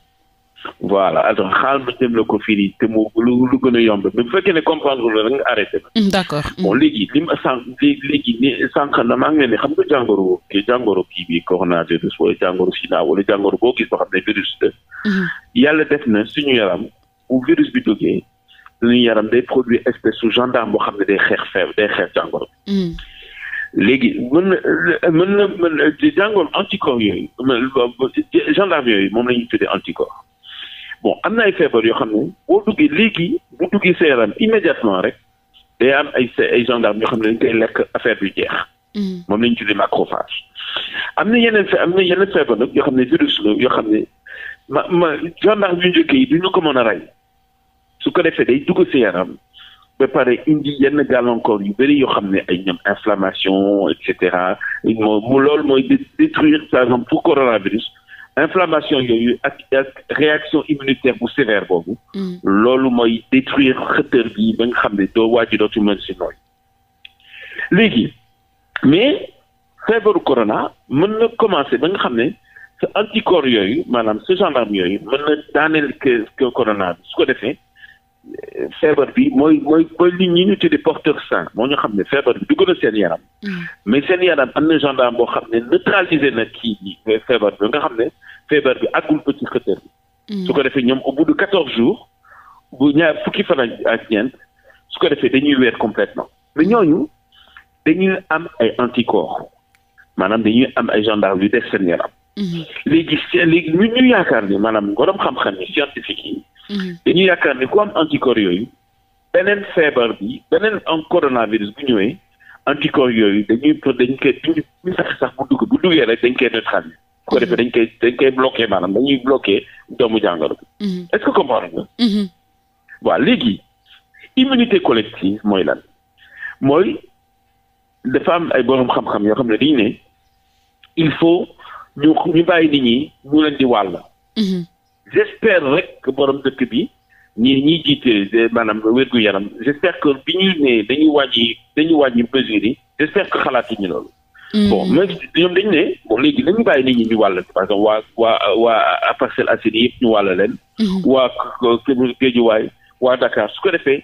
voilà alors xaal ma dem la ko firi te mu lu lu gën a yomb mais bu fekkee ne comprendre lu rek nga arrêté ba. Mm, d'accord mm. bon léegi li ma sànq léegi ni sànq na maa ngi leen ne xam nga jàngoro jàngoro kii bi coronavirus wala jàngoro sida wala jàngoro boo gis boo xam ne virus la. Mm-hmm. yàlla def na suñu yaram bu virus bi duggee suñu yaram day produit espèce su gendarme boo xam ne day xeex feeb day xeex jàngoro. Mm. léegi mën na mën na mën jàngoro anticorps yooyu gendarme yooyu moom la ñuy tuddee anticorps. bon am na ay feebar yoo xam ne boo duggee léegi bu duggee sa yaram immédiatement rek day am ay ay gendarme yoo xam ne dañ koy lekk affaire bi jeex. Mm. moom lañu tuddee macrophage. am na yeneen fe am na yeneen feebar nag yoo xam ne virus la yoo xam ne ma ma gendarme yu njëkk yi du ko mën a rey su ko defee day dugg sa yaram. ba indi yenn gàllankoor yu bëri yoo xam ne ay ñoom inflammation et cetera moo mu loolu mooy détruire par exemple pour coronavirus inflammation yooyu ak ak réaction immunitaire bu sévère boobu. Mm. loolu mooy détruire xëtër bi ba nga xam ne doo waaj dootul mën si nooy. léegi mais feebaru corona mën na commencer ba nga xam ne sa anticorps yooyu maanaam sa gendarme yooyu mën na daaneel que que corona bi su ko defee euh, feebar bi mooy mooy mooy li ñi ñu tuddee porteur sain moo ñu xam ne feebar bi dugg na seen yaram. Mm. mais seen yaram am na gendarme boo xam ne neutraliser na kii feebar bi nga xam feebar bi àggul ko ci xëtër bi mm. su ko defee ñoom au bout de quatorze jours bu ñaar fukki fan ak ñeent su ko defee dañuy weer complètement mais ñooñu dañuy am ay anticorps maanaam dañuy am ay gendarme yu def seen yaram mm-hmm. léegi léegi lu ñu yaakaar ni maanaam borom xam-xam yi scientifique yi mm-hmm. dañuy yaakaar ni ku am anticorps yooyu beneen feebar bi beneen coronavirus bu ñëwee anticorps yooyu dañuy dañ koy duñu sax sax bu dugg bu duggee rek dañ koy neutraliser bu ko defee dañ koy dañ koy bloqué maanaam dañuy bloqué doomu jàngoro bi. Mhm. est-ce que comprendre nga. Mhm. waaw léegi immunité collective mooy lan mooy dafa am ay borom xam-xam yoo xam ne dañu ne il faut ñu ñu bàyyi nit ñi mu leen di wàll. Mhm. j'espère rek que borom dëkk bi ñii ñiy jiite maanaam wér-gu-yaram j'espère que bi ñu ne dañuy wàññi dañuy wàññi mesures yi j'espère que xalaatuñu loolu. bon même ñoom dañu ne bon léegi nañu bàyyi nit ñi ñu wàll parce que waa waa waa Parcelles Assainies yëpp ñu wàll leen. Mm-hmm. waa Guédiawaye waa Dakar su ko defee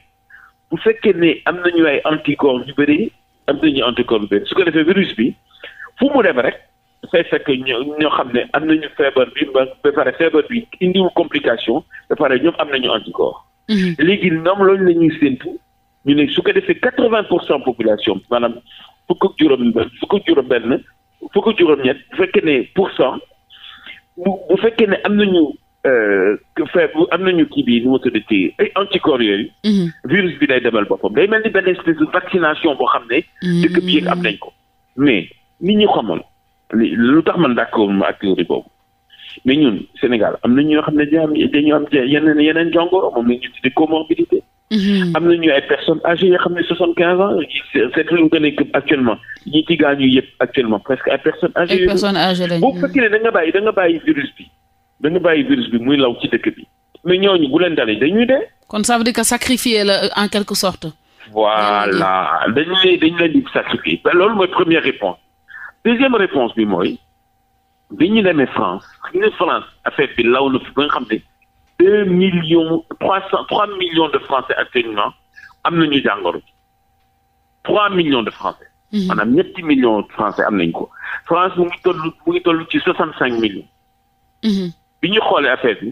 bu fekkee ne am nañu ay anticorps yu bëri am nañu anticorps yu su ko defee virus bi fu mu dem rek dafay fekk ñoo xam ne am nañu feebar bi ba pare feebar bi indiwul complication ba pare ñoom am nañu anticorps. Mm-hmm. léegi ñoom loolu la ñuy séntu ñu ne su ko defee quatre-vingt pour cent population maanaam. fukk ak juróom fukk ak juróom benn fukk ak juróom ñett bu fekkee ne pour cent bu bu fekkee ne am nañu euh, faible am nañu kii bi nu mu tudd ci ay anticorps yooyu mhm. virus bi day demal boppam day mel ni benn espèce de vaccination boo xam ne mhm. dëkk bi yëg am nañ ko mais nit ñi xamoon lu tax man d'accord ak théorie boobu mais ñun Sénégal am na ñoo xam ne dañoo am dañoo am yeneen yeneen jàngoro moom la ñu tuddee comorbidité Mm-hmm. am nañu ay personne âgées yoo xam ne soixante quinze ans seetlu nga ne actuellement ñi ci gaañu yëpp actuellement presque ay personnes âgées. ay personnes âgées lañu bu fekkee ne da bàyyi da bàyyi virus bi da bàyyi virus bi muy law ci dëkk bi mais ñooñu bu leen dalee dañuy de kon ça veut dire que sacrifier la euh, en quelque sorte. voilà dañu leen dañu leen di sacrifier loolu mooy première réponse deuxième réponse bi mooy bi ñu demee France xam nga France bi law na fi xam ne. deux millions trois cent trois millions de français actuellement am nañu jàngoro trois millions de français. Mhm. maanaam ñetti millions de français am nañ ko. France mu ngi toll mu ngi toll ci soixante cinq millions. Mhm. bi ñu xoolee affaire bi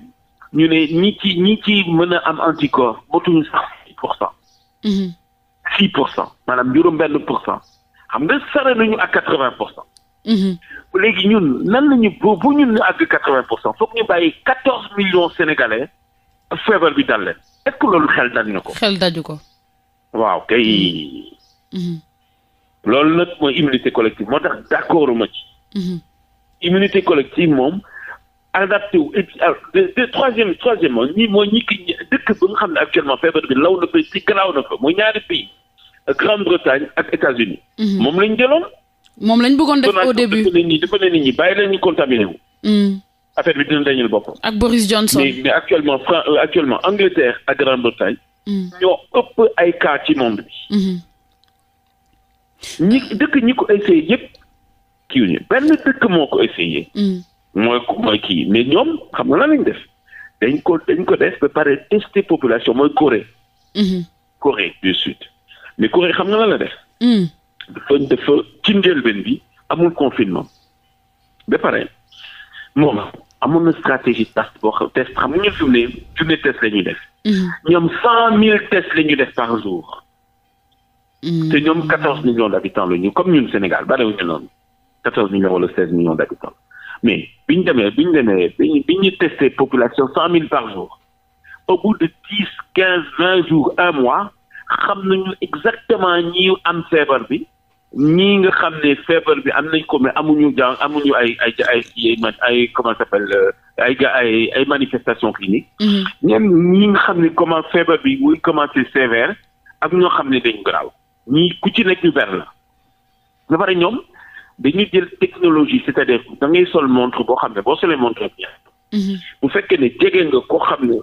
ñu ne ñi ci ñi ci mën a am anticorps motuñu sax six pour cent. Mhm. six pour cent maanaam juróom benn pour cent xam nga sare nañu ak quatre vingt pour cent. Mhm. léegi ñun nan la ñu bu bu ñun ñu àgg quatre vingt pour cent foog ñu bàyyi quatorze millions sénégalais feebar bi dal leen est-ce loolu xel daj na ko. xel daju ko. waaw kay. Mhm. loolu nag mooy immunité collective moo tax d'accord ma ci. Mhm. immunité collective moom adapté wu et de troisième troisième moom ñi mooy ñi ki dëkk ba nga xam ne actuellement feebar bi law na fa ci garaaw na fa mooy ñaari pays Grande-Bretagne ak États-Unis moom lañ jëloon. moom lañ bëggoon def au début dafa ne dafa ne nit ñi bàyyi leen ñu contaminé hmm. affaire bi dina dañul boppam. ak Boris Johnson mais mais actuellement Fran euh, actuellement Angleterre ak Grande-Bretagne. Hmm. ñoo ëpp ay cas ci monde bi. Hmm. ñi dëkk ñi ko essayé yëpp kiiw ñu benn dëkk moo ko essayé. mooy mooy kii mais ñoom xam nga lan lañ def dañ ko dañ ko def ba pare tester population mooy Corée. Corée du Sud mais Corée xam nga lan la def. dafa dafa ci njëlbeen bi amul confinement ba pare moom amoon na stratégie test boo xam test xam nga fi mu ne junne test la ñuy def. Mm-hmm. ñoom cent mille tests la ñuy def par jour. Mm-hmm. te ñoom quatorze millions d' habitants la ñu comme ñun Sénégal bariwuñu noonu quatorze millions wala seize millions d' habitants mais bi ñu demee bi ñu demee bi ñu testé population cent mille par jour au bout de dix quinze vingt jours un mois. xam nañu exactement ñi am feebar bi ñii nga xam ne feebar bi am nañ ko mais amuñu jàng amuñu ay ay ay ay comment ça s'appelle euh, ay ga ay ay manifestations cliniques. Mhm. ñenn ñi nga xam ne comment feebar bi muy commencé sévère ak ñoo xam ne dañu garaaw ñii ku ci nekk ñu ver la ba pare ñoom dañu jël technologie c'est-à-dire da ngay sol montre boo xam ne boo solee montre bi mhm. bu fekkee ne jege nga koo xam ne.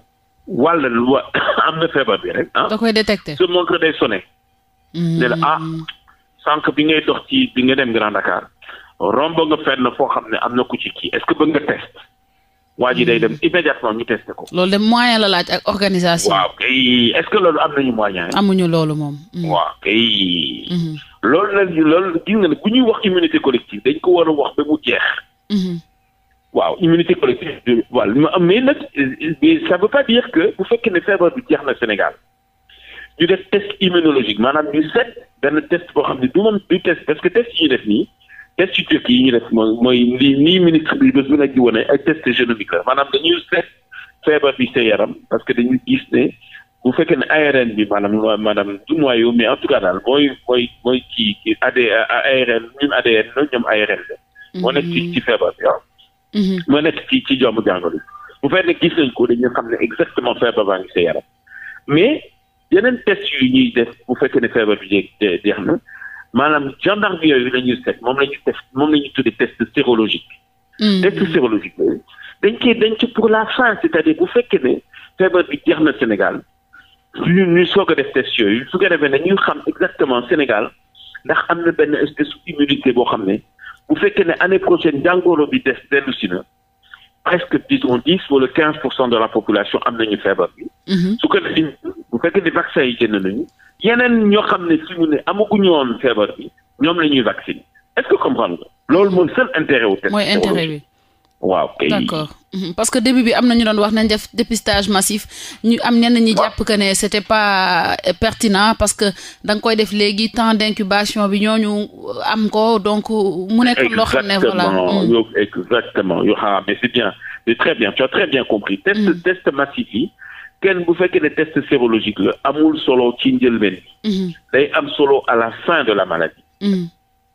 walla lu wa am na feebar bi rek ah. da koy détecté su montre day sonné. ne la ah hmm. sànq bi ngay dox ci bi nga dem Grand Dakar romb nga na foo xam ne am na ku ci kii est-ce que bëgg nga test. waa ji day dem hmm. immédiatement ñu testé ko. loolu de moyen la laaj ak organisation. waaw kay est-ce loolu am nañu moyen. amuñu loolu moom. Hmm. waaw kay. loolu nag loolu gis nga ne bu ñuy wax immunité collective dañ ko war a wax ba mu jeex. waaw immunité collective de voilà ma am mais nag ça veut pas dire que bu fekkee ne feebar bi jeex na Sénégal ñu def test immunologique maanaam ñu set benn test boo xam ne du moom du test parce que test yi ñu def nii test yu jëkk yi ñu def mooy mooy li nii ministre bi bés bu nekk di wane ay test génomique la maanaam dañuy set feebar bi sa yaram parce que dañuy gis ne bu fekkee ne ARN bi maanaam maanaam du noyau mais en tout cas daal mooy mooy mooy kii AD ARN ñun ADN ñoom ARN la. Mhm. moo nekk ci ci feebar bi waaw. ma mm-hmm. nekk ci ci jomb jàngoro bi bu fekkee gis nañ ko dañu xam ne exactement feebar baa ngi sa yaram mais yeneen test yu ñuy def bu fekkee ne feebar bi jeex jeex na maanaam gendarme yooyu la ñuy seet moom la ñuy test moom la ñuy tuddee test sérologique. Mm-hmm. test sérologique yooyu dañ koy denc pour la fin c'est-à-dire bu fekkee ne feebar bi jeex na Sénégal ñu ñu soog a def test yooyu su ko defee ne ñuy xam exactement Sénégal ndax am na benn espèce d'immunité boo xam ne. bu fekkee ne année prochaine jàngoro bi des dellu si na presque disons dix wala quinze pour cent de la population am nañu feebar bi. Mhm. su ko defee bu fekkee ne vaccin yi génn nañu yeneen ñoo xam ne fi mu ne amaguñu woon feebar bi ñoom la ñuy vacciner est-ce que comprendre nga. loolu mooy seul intérêt wu. mooy intérêt waaw kay d'accord mhm. parce que début bi am na ñu doon wax nañ def dépistage massif ñu am ñenn ñi jàpp que ne c'était pas euh, pertinent parce que da koy def léegi temps d'incubation bi ñooñu euh, am ko donc euh, mu nekk loo xam ne voilà exactement mhm. yoo xam ah, mais c'est bien tu as très bien compris mhm. test test massif yi kenn bu fekkee ne test sérologique la amul solo ci njëlbeen day am solo à la fin de la maladie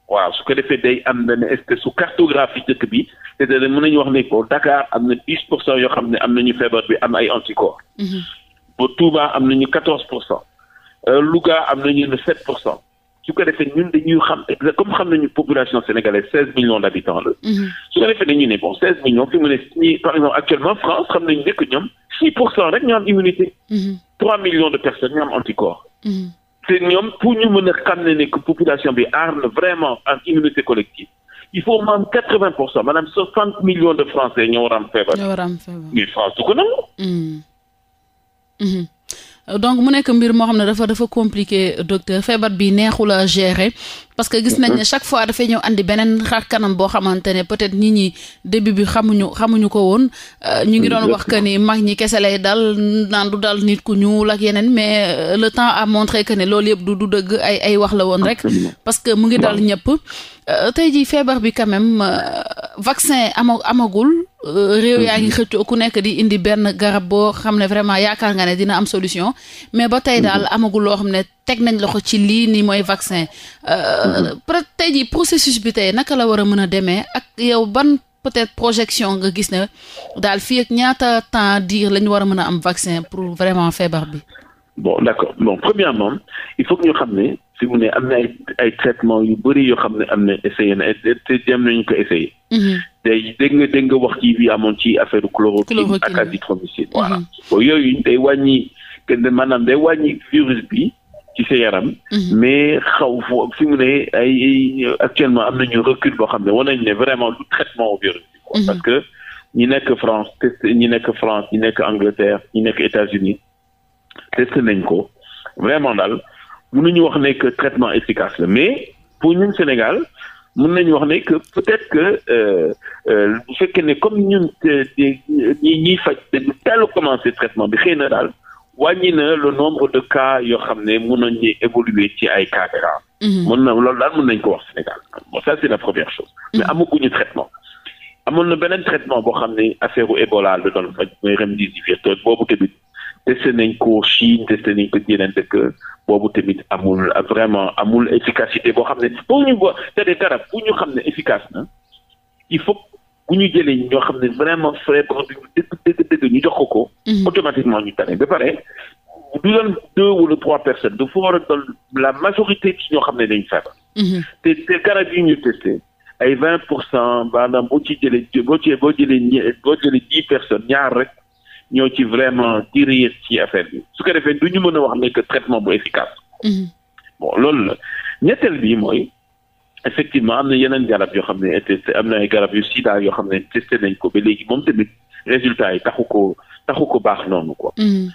waaw su ko defee day am benn espèce cartographie dëkk bi te da mën nañu wax ne ko Dakar am na dix pour cent yoo xam ne am nañu feebar bi am ay anticorps. ba mhm. Touba am nañu quatorze pour cent. Euh, Louga am nañu ne sept pour cent. su ko defee ñun dañuy xam comme xam nañu population sénégalaise seize millions d' habitants la. Mhm. su ko defee dañuy ne bon seize millions par exemple actuellement France xam nañu nekk ñoom six pour cent rek ñoo immunité. Mhm. trois millions de personnes ñoo anticorps. te ñoom pour a xam ne bi aar na vraiment il faut mu am quatre vingt pour cent maanaam soixante millions de français ñoo war am feebar. ñoo war am feebar mais France du ko hmm. Hmm. Euh, donc mu nekk mbir moo xam ne dafa dafa compliqué docteur feebar bi neexul a gérer parce que gis nañ ne chaque fois dafay ñëw andi beneen xar kanam boo xamante ne peut-être nit ñi début bi xamuñu xamuñu ko woon. Euh, ñu ngi doon wax que ni mag ñi kese lay dal naan du dal nit ku ñuul ak yeneen mais euh, le temps a montré que ne loolu yëpp du du dëgg ay wax la woon rek. parce que mu ngi dal ñëpp. Euh, tey jii feebar bi quand même vaccin ama amagul. réew yaa ngi mm-hmm. xëccoo ku nekk di indi benn garab boo xam ne vraiment yaakaar nga ne dina am solution. mais ba tey mm-hmm. daal amagul loo xam ne. teg nañ loxo ci lii nii mooy vaccin. Euh, peut tey jii processus bi tey naka la war a mën a demee ak yow ban peut être projection nga gis ne daal fii ak ñaata temps diir lañu war a mën a am vaccin pour vraiment feebar bi. bon d' accord bon premièrement il faut que ñu xam ne fi mu ne am na ay ay traitement yu bëri yoo xam ne am na essayé na te jëm nañu ko essayé. day mm-hmm. dégg nga dégg nga wax ci bi amoon ci affaire chloroquine ak azithromycine. Mm-hmm. voilà yooyu day wàññi que maanaam day bi. ci sa yaram. Mhm. mais xaw foo fi mu ne ay actuellement am nañu recul boo xam ne war nañ ne vraiment du traitement au virus bi quoi. Mhm. parce que ñi nekk France test ñi nekk France ñi nekk Angleterre ñi nekk États-Unis test nañ ko vraiment daal mënuñu wax ne que traitement efficace la mais pour ñun Sénégal mun nañu wax ne peut-être que euh, euh, bu fekkee ne comme ñun euh, ñi ñuy faj dañu teel a commencé traitement bi xëy na daal. wàññi na le nombre de ka yoo xam ne mun nañu évoluer ci ay cas grave mhm. mun na loolu daal mun nañ ko wax Sénégal bon ça c'est la première chose mais mhm. amaguñu traitement amoon na beneen traitement boo xam ne affaire u Ebola la doon faj mooy remdesivir te boobu tamit testé nañ ko Chine testé nañ ko yeneen dëkk boobu tamit amul vraiment amul efficacité boo xam ne pour ñu bo c'est-à-dire garab pour ñu xam ne efficace na il faut bu ñu jëlee ñoo xam ne vraiment frais boo xam ne dëgg dëgg ñu jox ko ko. Mhm. automatiquement ñu tane ba pare du doon deux wala trois personnes dafa war a doon la majorité ci ñoo xam ne dañu feebar. Mhm. te te garab yi ñu testé ay vingt pour cent maanaam boo ci jëlee boo ci boo jëlee boo jëlee dix personnes ñaar rek ñoo ci vraiment tiré ci affaire bi su ko defee du ñu mën a wax ne que traitement bu efficace. Mhm. bon loolu la ñetteel bi mooy. effectivement am na yeneen garab yoo xam ne testé am na ay garab yu sida yoo xam ne testé nañ ko ba léegi moom tamit résultat yi taxu ko taxu ko baax noonu quoi. Mm.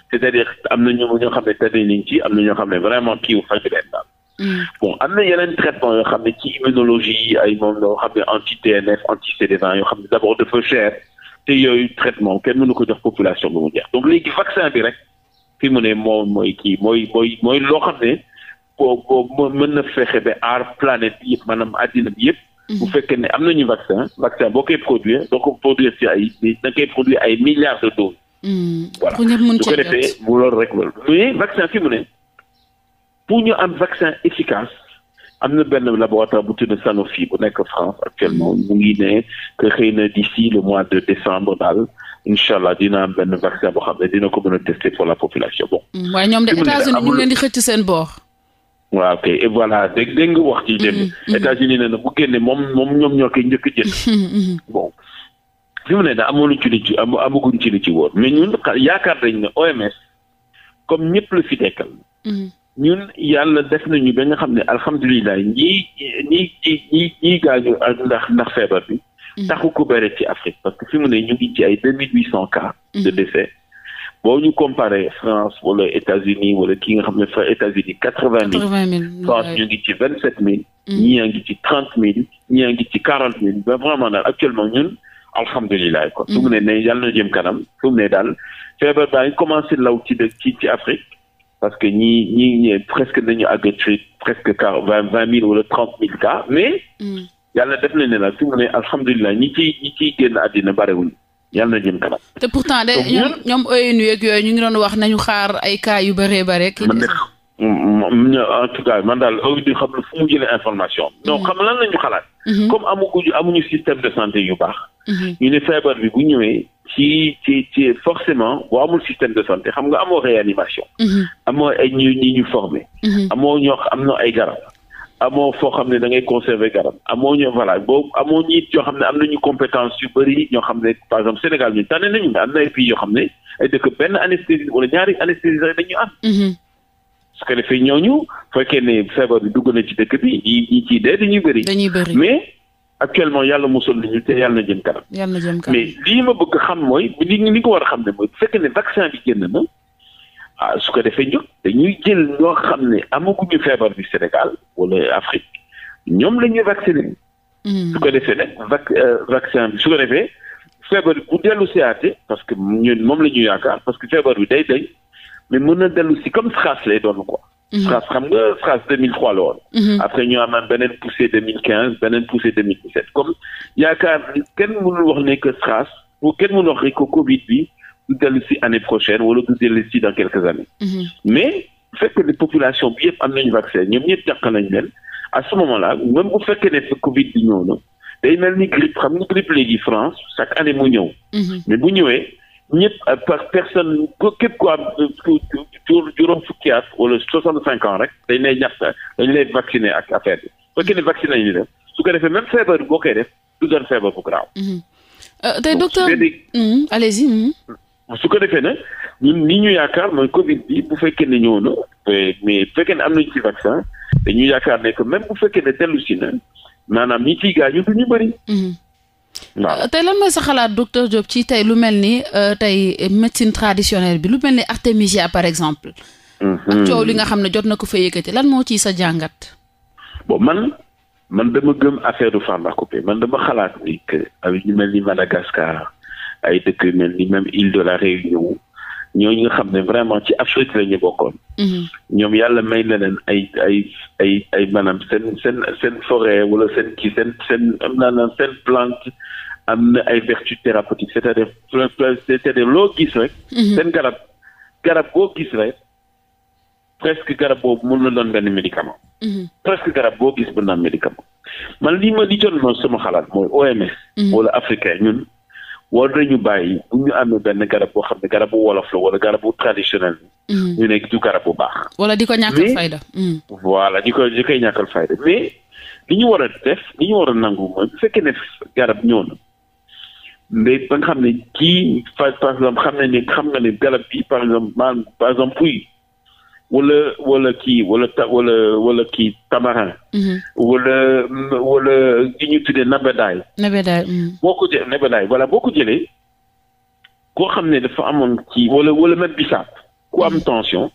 am na ñu ñoo xam ne tane nañ ci am na ñoo xam ne vraiment kii wu faj leen mm. bon am na yeneen traitement yoo xam ne ci immunologie ay moom yoo xam ne anti TNF anti CD20 yoo xam ne d'abord dafa cher te yooyu traitement kenn mënu ko jox population bi mu jeex donc léegi vaccin bi rek fi mu ne moom mooy kii mooy mooy mooy loo xam ne. boo mën na fexe ba aar planète bi yëpp maanaam àddina bi yëpp. Mhm. bu fekkee ne am nañu vaccin vaccin boo koy produire doo ko produire ci ay da koy produire ay milliards de doses. Mhm. voilà bu ko defee bu loolu rek loolu. mais vaccin fi mu ne pour ñu am vaccin efficace am na benn laboratoire bu tudd Sanofi bu nekk France actuellement mhm. mu ngi ne que xëy na d'ici le mois de décembre daal. incha allah dina am benn vaccin boo xam ne dina ko mën bon. waaye de États-Unis ñu ngi di xëcc seen boor. waaw kay et voilà dégg dégg nga wax ci génn mm-hmm, mm-hmm. États-Unis nee na bu génne moom moom ñoom ñoo koy njëkk jënd mm-hmm. bon fi mu ne da amoonu ci li ci am amaguñ ci li ci wóor mais ñun yaakaar dañ ne OMS comme ñëpp la fi dekkal ñun yàlla def nañu ba nga xam ne alhamdulilah ñii ñii ñii ñii gaañu ak ndax ndax feebar bi taxu ko bëre ci Afrique parce que fi mu ne ñu ngi ci ay deux mille huit cent cas de décès boo ñu comparé France wala États-Unis wala ki nga xam ne fa États-Unis quatre-vingt mille France ñu ngi ci vingt-sept mille ñi a ngi ci trente mille ñi ngi ci quarante mille ba vraiment daal actuellement ñun alhamdulilah kon fu mu ne ne yàlla na jëm kanam fu mu ne daal feebar baa ngi commencé law ci dëkk ci ci Afrique parce que ñi ñi presque nañu àgg ci presque car vingt vingt mille wala trente mille cas mais mm. yàlla def na ne la fu mu ne alhamdulilah ñi ciy ñi ciy génn àddina barewuñu yal na jëm kanam. te pourtant de ñoom ñoom yooyu ñu ngi doon wax nañu xaar ay cas yu bëree bare. kii en tout cas man daal ONU xam na fu mu jëlee information. Mm-hmm. donc xam lan lañu xalaat. Mm-hmm. comme amuñu système de santé yu baax. Mm-hmm. ñu ne feebar bi bu ñëwee. ci ci ci forcément boo amul système de santé xam nga amoo réanimation. amoo ay ñu ñi ñu formé. amoo ñoo am na ay garab. amoo foo xam ne da ngay conserver garab amoo ñu voilà boobu amoo ñi yoo xam ne am na ñu compétence yu bëri ñoo xam ne par exemple Sénégal ñun tànne nañu am na pays yoo xam ne ay dëkk benn anesthésie wala ñaari anesthésie rek dañu am. Mm-hmm. su ko defee ñooñu fekkee ne feebar bi dugg na ci dëkk bi ñi ñi ciy dee dañuy bëri. dañuy bëri mais actuellement yàlla musal nañu te yàlla na jëm kanam. yàlla jën jëm kanam mais lii ma bëgg xam mooy li li ko war a xam ne mooy bu fekkee ne vaccin bi génn na. ah su ko defee ñun dañuy jël ñoo xam ne amaguñu feebar bi Sénégal wala Afrique ñoom la ñuy vacciner. Hmm. su ko defee nag vac euh, vaccin bi su ko defee feebar bi bu dellu si aate parce que ñun moom la ñu yaakaar parce que feebar bi day day mais mën na dellu si comme SRAS lay doon quoi. Hmm. SRAS xam nga SRAS 2003 la woon. Hmm. après ñu am beneen poussée 2015 beneen de 2017 comme yaakaar kenn mënul wax ne que SRAS ou kenn mënul wax ne que Covid bi. du dellu si année prochaine wala du dellu si dans quelques années. Mhm. mais bu fekkee ne population bi yëpp am nañu vaccin ñoom ñëpp takk nañ leen à ce moment là même bu fekkee ne Covid bi ñëw na day mel ni grippe xam nga France chaque année mu ñëw. Mhm. mais bu ñëwee ñëpp euh, par personne képp ku am euh, juróom fukki at wala soixante cinq ans rek dañ lay ñax dañ lay vacciner ak affaire bi bu fekkee ne vacciné ñu leen su ko defee même feebar boo koy def du doon feebar bu garaaw. Mhm. Euh, tey docteur Ah, su ko defee nag ñun li ñu yaakaar mooy Covid bi bu fekkee ne ñëw na mais bu fekkee ne am nañu ci vaccin dañu yaakaar ne que même bu fekkee ne dellu si na maanaam ñi ciy ñu bëri. Mhm. waaw euh, te lan mooy sa xalaat docteur Diop ci tey lu mel ni euh, tey médecine traditionnelle bi lu mel ni artémisia par exemple. Mhm. li nga xam ne jot na ko fa ci lan moo ci sa jàngat. bon man man dama gëm affaire du pharmacopée man dama xalaat ni mel ni Madagascar. ay dëkk yu mel ni même île de la Réunion ñooñu nga xam ne vraiment ci Afrique la ñu bokkoon. Mhm. ñoom yàlla may na leen ay ay ay ay maanaam seen seen seen forêt wala seen kii seen seen am naa plante am na ay vertus thérapeutiques c'est-à-dire loo gis rek. Mhm. seen garab garab boo gis rek presque garab boobu mën na doon benn médicament. Mhm. presque garab boo gis mën na médicament man li ma li jot sama xalaat mooy OMS. wala africain ñun. war ñu bàyyi bu ñu amee benn garab boo xam ne garabu wolof la wala garabu traditionnel bi. Mm-hmm. ñu nekk du garab bu baax. wala di ko ñàkkal fayda. Mm-hmm. voilà di ko di koy ñàkkal fayda mais li ñu war a def li ñu war a nangu mooy bu fekkee ne garab ñëw na mais ba nga xam ne kii par exemple xam ne ne xam nga ne garab bi par exemple maanaam par exemple puy wala wala kii wala ta wala wala kii tamarin. Mhm. wala wala li ñuy tuddee nabedaay. nabedaay. Mhm. boo ko jëlee nabedaay boo ko jëlee koo xam ne dafa amoon kii wala wala même bisaab ku am mhm. tension.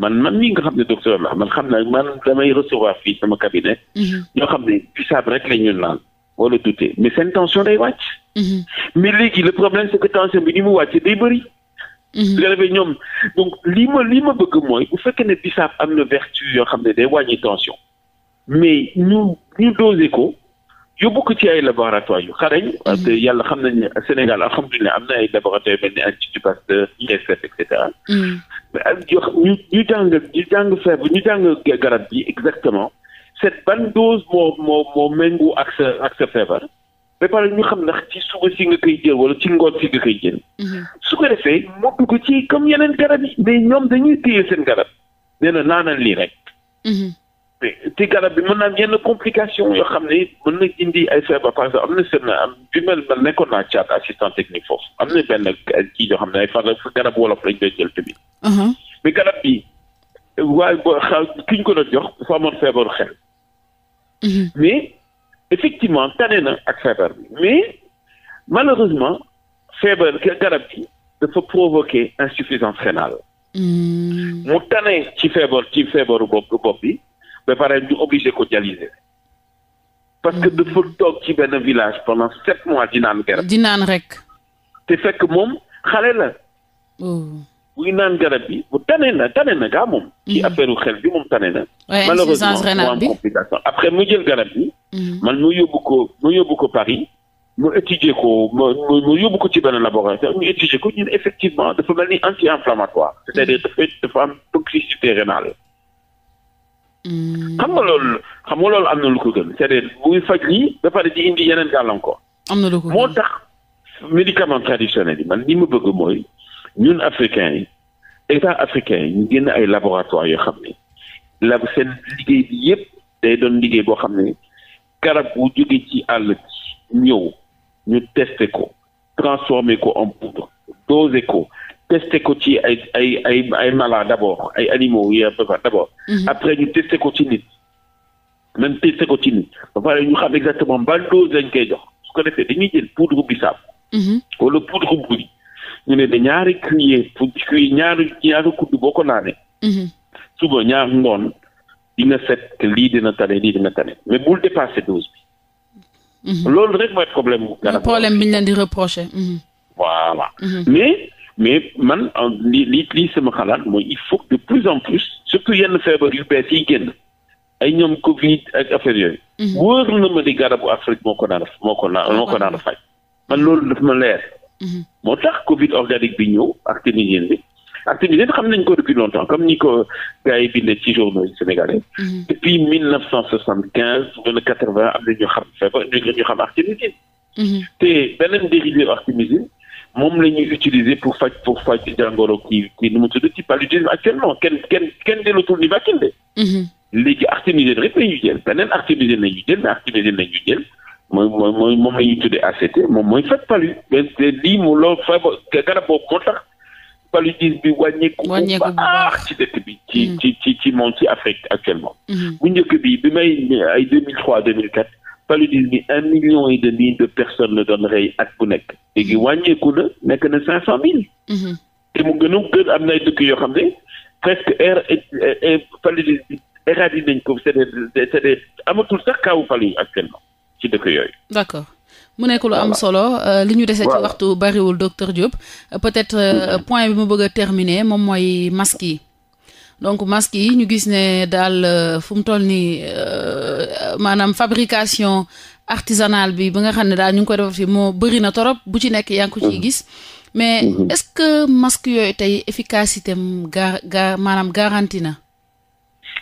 man man mii nga xam ne docteur la man xam naa man damay recevoir fii sama cabinet. ñoo xam ne bisaab rek la ñu naan. wala dute mais seen tension day wàcc. mais léegi le problème c'est que tension bi ni mu wàcc day bëri. Mm-hmm. su ko ñoom donc lii ma lii ma bëgg mooy bu fekkee ne bisaab am na vertu yoo xam ne day wàññi tension mais ñu ñu dosé ko yóbbu ko ci ay laboratoire yu xareñ mm-hmm. parce que yàlla xam nañ ne Sénégal alhamdulilah am na ay laboratoire yu mel ni Institut Pasteur INSEP et cetera mm-hmm. ñu jàng ñu jàng ñu jàng garab bi exactement cette ban dose moo moo moo méngoo ak sa ak sa feebar ba pare ñu xam ndax ci suba si nga koy jël wala ci ngoon si nga koy jël. Mhm. su ko defee mu ko ci comme yeneen garab yi mais ñoom dañuy téye seen garab nee na naanal lii rek. Mhm. te garab bi mën na am yenn complication yoo xam ne mën na indi ay feebar par exemple am na seen am bi mel man nekkoon naa caat assistant technique foofu am na benn kii yoo xam ne ay faral garab wolof lañ koy jël tamit. Uh-huh. mais garab bi waaye boo xaw ki ñu ko doon jox dafa amoon feebaru xel. Mhm. effectivement tane na ak feebar bi mais malheureusement feebar garab bi dafa provoquer insuffisance rénale hmm. mu tane ci feebar ci feebaru bopp bopp bi ba pare ñu obligé ko dialyser parce de hmm. dafa toog ci benn village pendant sept mois di naan garab di naan rek te fekk moom xale la oh. buy naan garab bi bu tane na tane na gaa moom. ci mm-hmm. affaire xel bi moom tane na. malheureusement mu am complication après mu jël garab bi. Mm-hmm. man mu yóbbu ko mu yóbbu ko Paris. mu étudier ko mu mu yóbbu ko ci benn laboratoire ñu étudier ko ñun effectivement dafa mel ni anti-inflammatoire mm-hmm. c'est-à-dire dafa dafa am toxicité rénale. xam nga lool xam nga loolu am na lu ko gën c'est-à-dire buy faj lii ba pare di indi yeneen gàllankoor. am na lu ko gën moo tax médicament traditionnel yi man li ma bëgg mooy. ñun africains yi état africain yi génn ay laboratoire yoo xam ne la se liggéey bi yëpp day doon liggéey boo xam ne garab bu jóge ci àll ñëw ñu testé ko transformé ko en poudre dosé ko testé ko ci ay ay ay ay mala d'abord ay animaux yi d'abord mhm. après ñu testé ko ci nit même testé ko ci nit ba pare ñu xam exactement ban dose lañ koy jox su ko defee dañuy jël poudre bisaab mhm. wala poudre buri ñu ne de ñaari cuillère fu cuillère ñaari ñaari kudd boo ko naanee. Mhm. suba ñaar ngoon dina set que lii dina tane lii dina tane mais bul dépasser dose bi. Mhm. loolu rek mooy problème bu. garab problème bi ñu leen di reprocher. Mhm. voilà mais man euh, li lii sama xalaat mooy il faut de plus en plus surtout yenn feebar yu bees yi génn. ay ñoom Covid ak affaire yooyu. wóor na ma di garabu Afrique moo ko naan moo faj. man loolu daf ma leer. Mhm. moo tax Covid organique bi ñëw ak artémisienne bi artémisienne xam nañ ko depuis longtemps comme ni ko gars yi bindee ci journaux yi sénégalais. Mhm. depuis mille neuf cent soixante quinze wala quatre vingt am na ñu xam feebar ñu xam artémisienne. Mhm. te beneen dérivé artémisienne moom la ñuy utiliser pour faj pour faj jàngoro kii kii nu mu tudd ci paludisme actuellement kenn kenn kenn dellutul ni vaccin de. léegi artémisienne rek la ñuy jël beneen artémisienne la ñuy jël mais artémisienne la ñuy jël. mooy mooy mooy moom la ñuy tuddee ACT moom mooy faj palu mais lii mu loolu feebar garab boobu moo tax paludisme bi wàññeeku bu baax ci dëkk bi ci mm. ci ci ci moom ci Afrique actuellement mm-hmm. bu njëkk bi bi may ay deux mille trois deux mille quatre paludisme bi un million et demi de personnes la doon rey at bu nekk léegi mm-hmm. wàññeeku na nekk na cinq cent mille mm-hmm. te mu gën a gën am nay dëkk yoo xam ne presque air paludisme bi éradiqué nañ ko c'est-à-dire amatul sax kaawu palu actuellement ci dëkk yooyu. d'accord mu nekk lu am solo. Euh, li ñu dese ci waxtu bariwul docteur Diop. Euh, peut-être euh, mm-hmm. point bi mu bëgg a terminer moom mooy masque yi. donc masque yi ñu gis ne daal fu mu toll nii maanaam fabrication artisanale bi ba nga xam ne daal ñu ngi koy defar fi moo bëri na torop bu ci nekk yaa ngi ko ciy mm-hmm. gis. mais mm-hmm. est-ce yooyu tey efficacité am gar gar maanaam garanti na.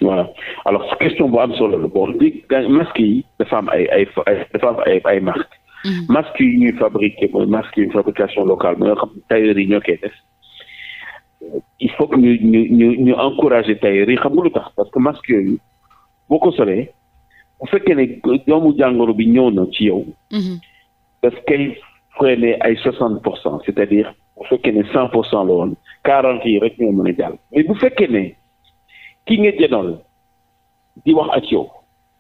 voilà alors question bu am solo la bon léegi masques yi dafa am ay ay dafa am ay ay marques. Mhm. masques yi ñuy fabriqué mooy masques yi fabrication locale mooy nga xam tailleur yi ñoo koy def il faut que ñu ñu ñu ñu encouragé tailleur xam nga lu tax parce que masques yooyu boo ko solee bu fekkee ne doomu jàngoro bi ñëw na ci yow. parce que prenez ay soixante pour cent c'est-à-dire bu fekkee ne cent pour cent la quarante yi rek ñoo mën a jàll mais bu fekkee ne. ki nga jëloon di wax ak yow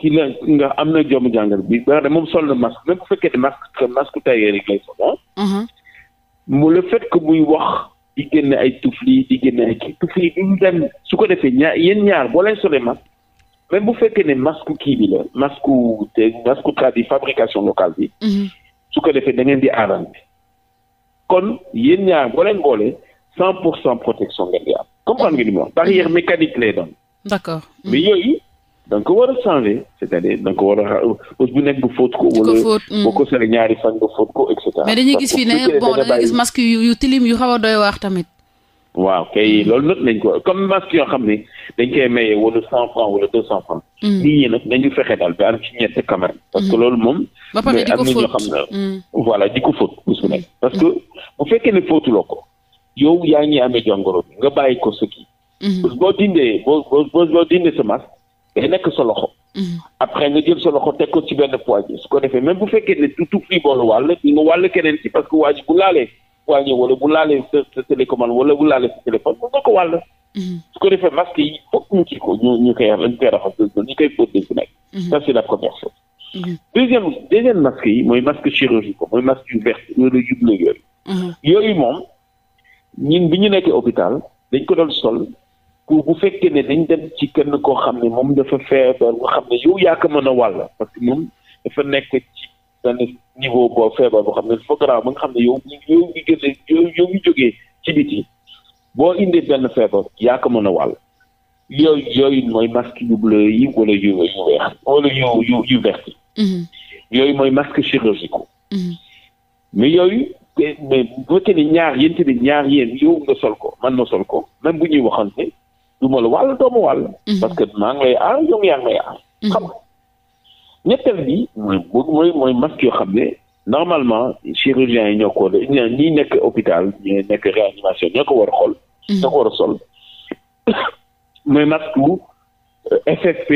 ki la nga am na jom jàngal bi ba nga moom sol na masque même bu fekkee ne masque masque tailleur yi lay sol ah. mm-hmm. mu le fait que muy wax di ay tufli di génne ay kii tufli duñu su ko defee ñaar yéen ñaar boo leen solee masque même bu fekkee ne masque kii bi la masque te masque tradi fabrication locale bi mm-hmm. su ko defee da ngeen di aaraan kon yéen ñaar boo leen boolee cent pour cent protection ngeen di am comprendre nga li ma wax barrière mécanique lay doon. d'accord mais mm. yooyu da nga ko war a changer c'est-à-dire da ko war a bés bu nekk bu fóot ko. wala mm. boo ko sori ñaari fan nga fóot ko et cetera. mais dañuy gis fii ne bon dañuy gis masque yu yu tilim yu xaw a doy waax tamit. waaw kay mm. loolu nag nañ ko comme masque yoo xam ne dañ koy maye wala cent francs wala deux cent francs. nit ñi nag nañu fexe daal ba am ci ñett quand parce que loolu moom. ba pare di ko fóot mais bu nekk. parce que bu fekkee ne fóotuloo ko. yow yaa ngi amee jàngoro bi nga bàyyi ko sukki. Mhm. boo dindee boo boo boo dindee sa masque day nekk sa loxo. Mhm. après nga jël sa loxo teg ko ci benn poignée su ko defee même bu fekkee ne du tuuti boo la wàll nga wàll keneen ci parce que waa ji bu laalee poignée wala bu laalee sa sa télécommande wala bu laalee sa téléphone mën nga ko wàll. Mhm. su ko defee masque yi fokk ñu ci ko ñu ñu koy ñu koy raxas ñu koy posé su nekk. ça c'est la première chose. deuxième deuxième masque yi mooy masque chirurgical mooy masque yu vert yooyu la yooyu moom. ñun bi ñu nekkee hôpital dañ ko doon sol pour bu fekkee ne dañ dem ci kenn koo xam ne moom dafa feebar nga xam ne yow yaa ko mën a wàll parce que moom dafa nekk ci benn niveau boo feebar boo xam ne dafa garaaw ba nga xam ne yow yow ngi gën a yow ngi jógee boo indee benn feebar yaa mën a wàll yooyu yooyu mooy masque yu bleu yi wala yu yu weex wala yu yu yu vert mhm. yooyu mooy masque chirurgicaux mhm. mais yooyu mais bu fekkee ne ñaar yéen tamit ñaar yéen yow nga sol ko man ma sol ko même bu ñuy waxante du ma la wàll doo ma wàll. Mhm. que maa ngi lay aar yow yaa ngi mhm. bi mooy mooy mooy yoo xam ne normalement chirurgiens yi ñoo ko ñi nekk hôpital ñi nekk ko war a xool. Mhm. ñoo ko war a sol mooy masque bu euh, ffp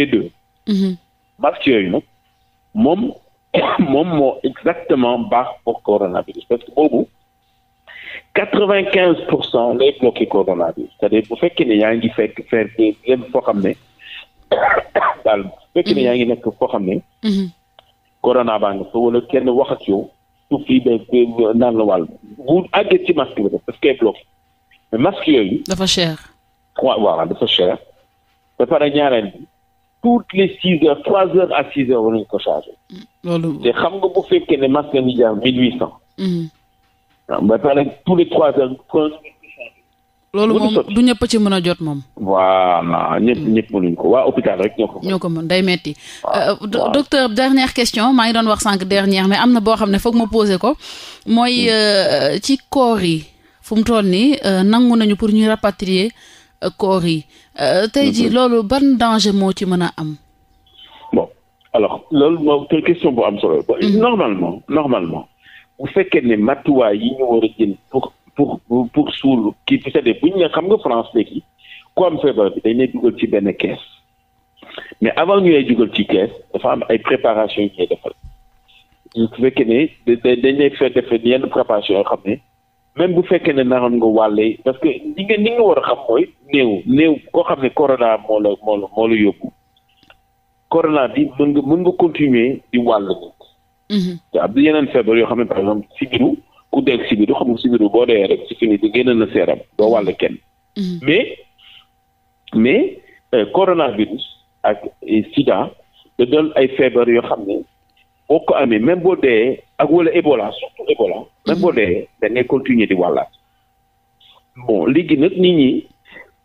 moom. moom moo exactement baax pour coronavirus parce que boobu quatre vingt quinze pour cent lay bloqué coronavirus cest dire bu fekkee ne yaa ngi fekk faire foo xam ne daal bu fekkee ne mm-hmm. yaa ngi nekk foo xam ne mm-hmm. corona baa nga fa wala kenn wax yow suuf yi day naan la wàll bu àggee ci masque bi def parce que bloqué mais yooyu dafa cher waaw dafa cher ba pare ñaareel bi toutes les six heures trois heures à six heures ko chargé. loolu xam nga bu fekkee ne masque yi jar mille huit cent. Mm. moom du ñëpp ci mën a jot moom. voilà ñëpp mm. ñëpp mënuñ ko waa hôpital rek ñoo ko. mën day metti. Euh, docteur dernière question maa ngi doon wax sànq dernière mais am na boo xam ne foog ma poser ko. mooy mm. euh, ci koor yi fu mu toll nii euh, nangu nañu pour ñu rapatrier. koor yi euh, tey jii loolu ban danger moo ci mën a am bon alors loolu moo te question bu am solo mhm. normalement normalement bu fekkee ne matuwaay yi ñu war a jël pour pour pour suul kii c'est-à-dire bu ñu ne xam nga France léegi ku am feebar bi dañ lay ci benn kees mais avant ñu lay dugal ci kees dafa am ay préparation yu ñuy defal bu fekkee ne dañ lay fekk def yenn préparation yoo xam ne même bu fekkee ne naroon nga wàlle parce que ni nga ni nga war a xam mooy néew néew koo xam ne corona moo la moo la moo bi mën nga mën continuer di mhm. yeneen feebar yoo xam ne par ku dégg sibiru xam nga sibiru boo na seeram doo mhm. wàll kenn mhm. mais mais euh, coronavirus ak euh, sida da doon ay feebar yoo xam ne boo ko amee même boo dee ak wala Ebola surtout Ebola. même boo da ngay continuer di wàllaat. bon léegi nag nit ñi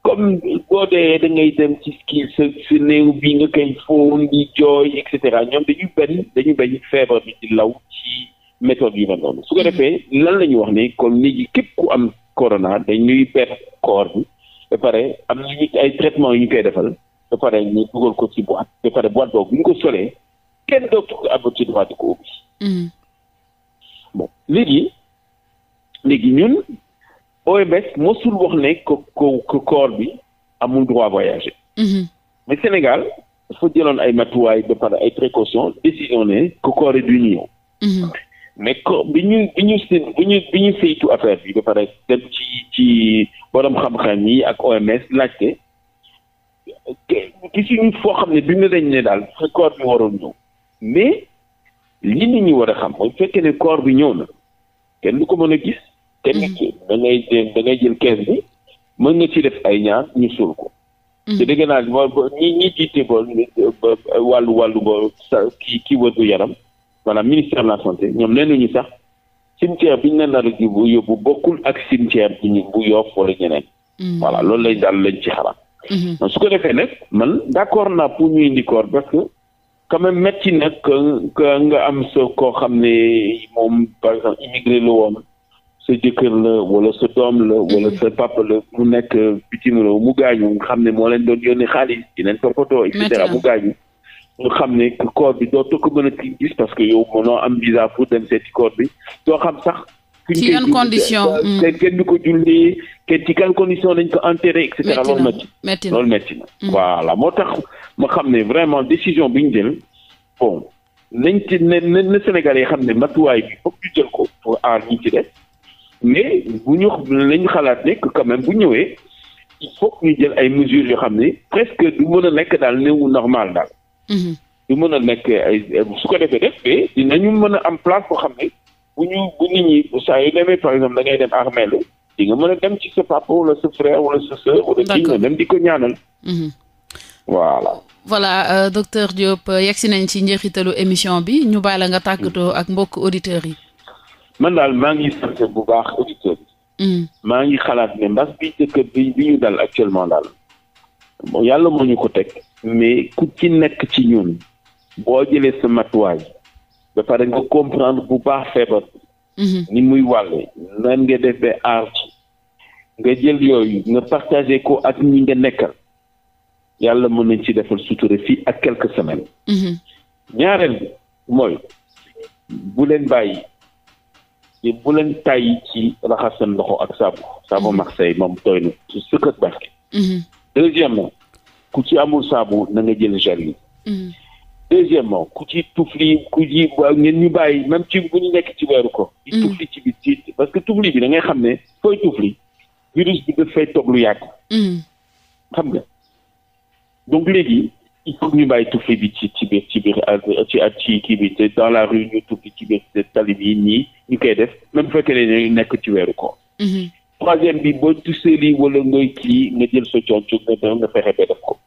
comme boo dee da ngay dem ci kii sa sa néew bi nga koy fóon di jooy et cetera ñoom dañuy benn dañuy bañ feebar bi di law ci méthode yu mel noonu. su ko hmm. defee lan la ñu wax ni comme nit képp ku am corona dañuy perte corps bi ba pare am nañu ay traitement yu ñu koy defal ba pare ñu dugal ko ci boîte ba pare boîte boobu bu ñu ko solee kenn dootu ko abati droit di ko ubbi. Hmm. bon léegi léegi ñun OMS mosul wax ne ko ko corps bi amul droit voyager. Mhm. mais Sénégal dafa jëloon ay matuwaay ba pare ay précautions décision ne que corps yi ñu ñëw. mais ko bi ñu bi ñu si bi ñu bi affaire bi ba pare dem ci ci borom xam-xam yi ak OMS laajte gisuñu foo xam ne bi mu dañ ne daal corps bi waroon ñëw mais. li nit ñi war a xam mooy fekkee ne corps bi ñëw na kenn du ko mën a gis. te da ngay mm-hmm. da ngay jël ker bi mën nga ci def ay ñaar ñu suul ko. Mm-hmm. te dégg naa ñi ñi jiite bool wàllu wàllu sa ki kii wër gu yaram maanaam ministère de la santé ñoom nee nañu sax cimetière bi ñu leen nar a yóbbu bokkul ak cimetière bi ñu bu Yoff wala ñeneen. Mm-hmm. voilà loolu lañ daal lañ ci xalaat. su ko defee nag man d'accord naa pour ñu indi corps parce que. quand même métti nag nga am sa koo xam ne moom par exemple immigré la woon sa jëkkër la wala sa doom la wala sa papa la mu nekk bitim réew mu gaañu nga xam ne moo leen doon yónnee xaalis di leen toppatoo et cetera mu gaañu nga xam ne corps bi dootoo ko mën a gis parce que yow mënoo am visa pour dem seeti corps bi doo xam sax ci yan condition kenn hmm. kenn ko julli kenn ci quelle condition dañ ko enterré et cetera loolu métti loolu métti na hmm. voilà moo tax ma xam ne vraiment décision bi ñu jël bon nañ ci ne na Sénégalais yi xam ne matuwaay bi foog ñu jël ko pour aar ñi ci def mais bu ñu nañ xalaat ne que quand ñëwee il ñu jël ay mesures yoo xam ne presque du mën a nekk daal néew normal daal. Mhm. du mën a nekk ay su ko defee def mais ñu mën a am place boo xam ne bu ñu bu nit ñi saa yu demee par exemple da ngay dem armée la di nga mën a dem ci sa papa wala sa frère wala sa sœur wala dem di ko ñaanal. Mhm. voilà. voilà euh, docteur Diop euh, yegsi nañ ci njeexitalu émission bi ñu bàyyi la nga tàggatoo ak mbokk auditeurs yi. man daal maa ngi sant bu baax auditeurs yi. Hmm. maa ngi xalaat ne mbas bi dëkk bi bi ñu dal actuellement daal. yàlla moo ñu ko teg. mais ku ci nekk ci ñun. boo jëlee sa matuwaay. ba pare nga comprendre bu baax feebar. Hmm. ni muy wàlle nan nga def ba aar ci. nga jël yooyu nga partagé ko ak ñi nga nekkal. yàlla mën nañ ci defal sutura fii ak quelque semaine ñaareel bi mooy bu leen bàyyi te bu leen tàyyi ci raxas seen loxo ak saabu saabu mhm. Marseille moom tooy na su sëkk ak barke. Mhm. deuxièmement ku ci amul saabu na nga jël gel yi. Mhm. deuxièmement ku ci tufli ku ci ngeen ñu bàyyi même ci bu ñu nekk ci weeru ko. ci tufli ci biir ci parce que tufli bi da ngay xam ne fooy tufli virus bi daf toog lu yàgg. xam nga. donc léegi il ñu bàyyi tufli bi ci ci biir ci biir euh, ci at ci kii bi te dans la rue ñu tufli ci biir tali bi nii ñu koy def même bu fekkee ne nekk ci weeru koor. Mhm. troisième bi boo tussee lii wala ngay kii nga jël sa coono nga nga fexe ba def ko.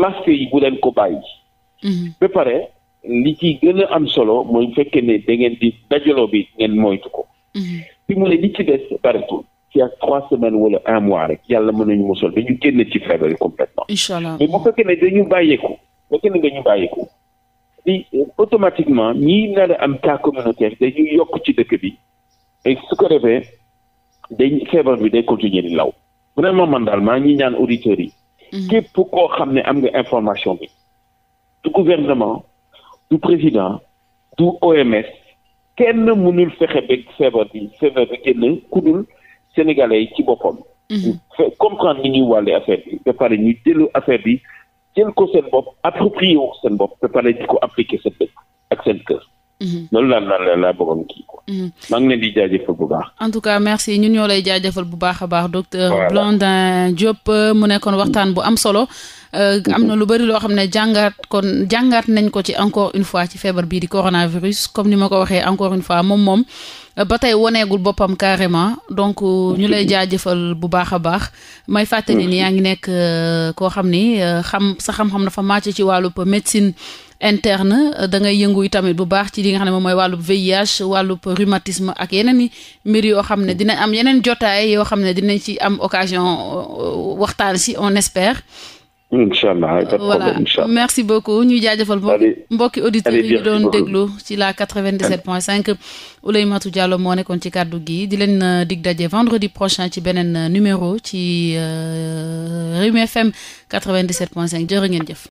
masque mhm. yi bu leen ko bàyyi. Mhm. ba pare li ci gën a am solo mooy fekke ne da ngeen di dajaloo bi ngeen moytu ko. fi mu ne li ci des bareetul. ci ak trois semaines wala un mois rek yàlla mën nañu mosal ba ñu génn ci feebar yi complètement incha allah bu fekkee ne dañu bàyyeeku fekkee ne dañu bàyyeeku di euh, automatiquement ñi nar a am cas communautaire dañuy yokk ci dëkk bi et su ko defee dañ feebar bi day continuer di law vraiment man daal maa ngi ñaan auditeurs yi mhm. képp koo xam ne am nga information bi du gouvernement du président du OMS kenn mënul fexe ba feebar bi feebar bi génn ku dul sénégalais yi ci boppam. Mhm. ñu comprendre ni ñuy wàllee affaire bi ba pare ñu jëlu affaire bi jël ko seen bopp approprié wu seen bopp ba pare di ko appliqué seen dëkk ak seen kër. Mhm. loolu laa laa laa bëggoon kii quoi. Mhm. maa ngi di jaajëfal bu baax. en tout a baax docteur Blondin Diop mu nekkoon waxtaan bu am solo. am na lu bari loo xam ne jàngaat kon jàngaat nañ ko ci encore une fois ci feebar bii di coronavirus comme ni ma ko waxee encore une fois moom moom. Euh, ba tey woneegul boppam carrément donc euh, ñu lay jaajëfal bu baax a baax may fàttali nii yaa ngi nekk euh, koo xam ni xam sa xam-xam dafa màcc ci wàllub médecine interne da ngay yëngu tamit bu baax ci li nga xam ne moom mooy wàllub viage wàllub rhumatisme ak yeneen i mbir yoo xam ne dina am yeneen jotaay yoo xam ne dinañ ci am occasion waxtaan si on espère incha allah voilà merci beaucoup ñu jaajëfal mbokki auditeurs yi ñu doon déglu ci la 97.5 matu Diallo moo nekkoon ci kaddu gi di leen euh, dig daje vendredi prochain ci beneen euh, numéro ci euh, Rewmi FM 97.5 jërë ngeen jëf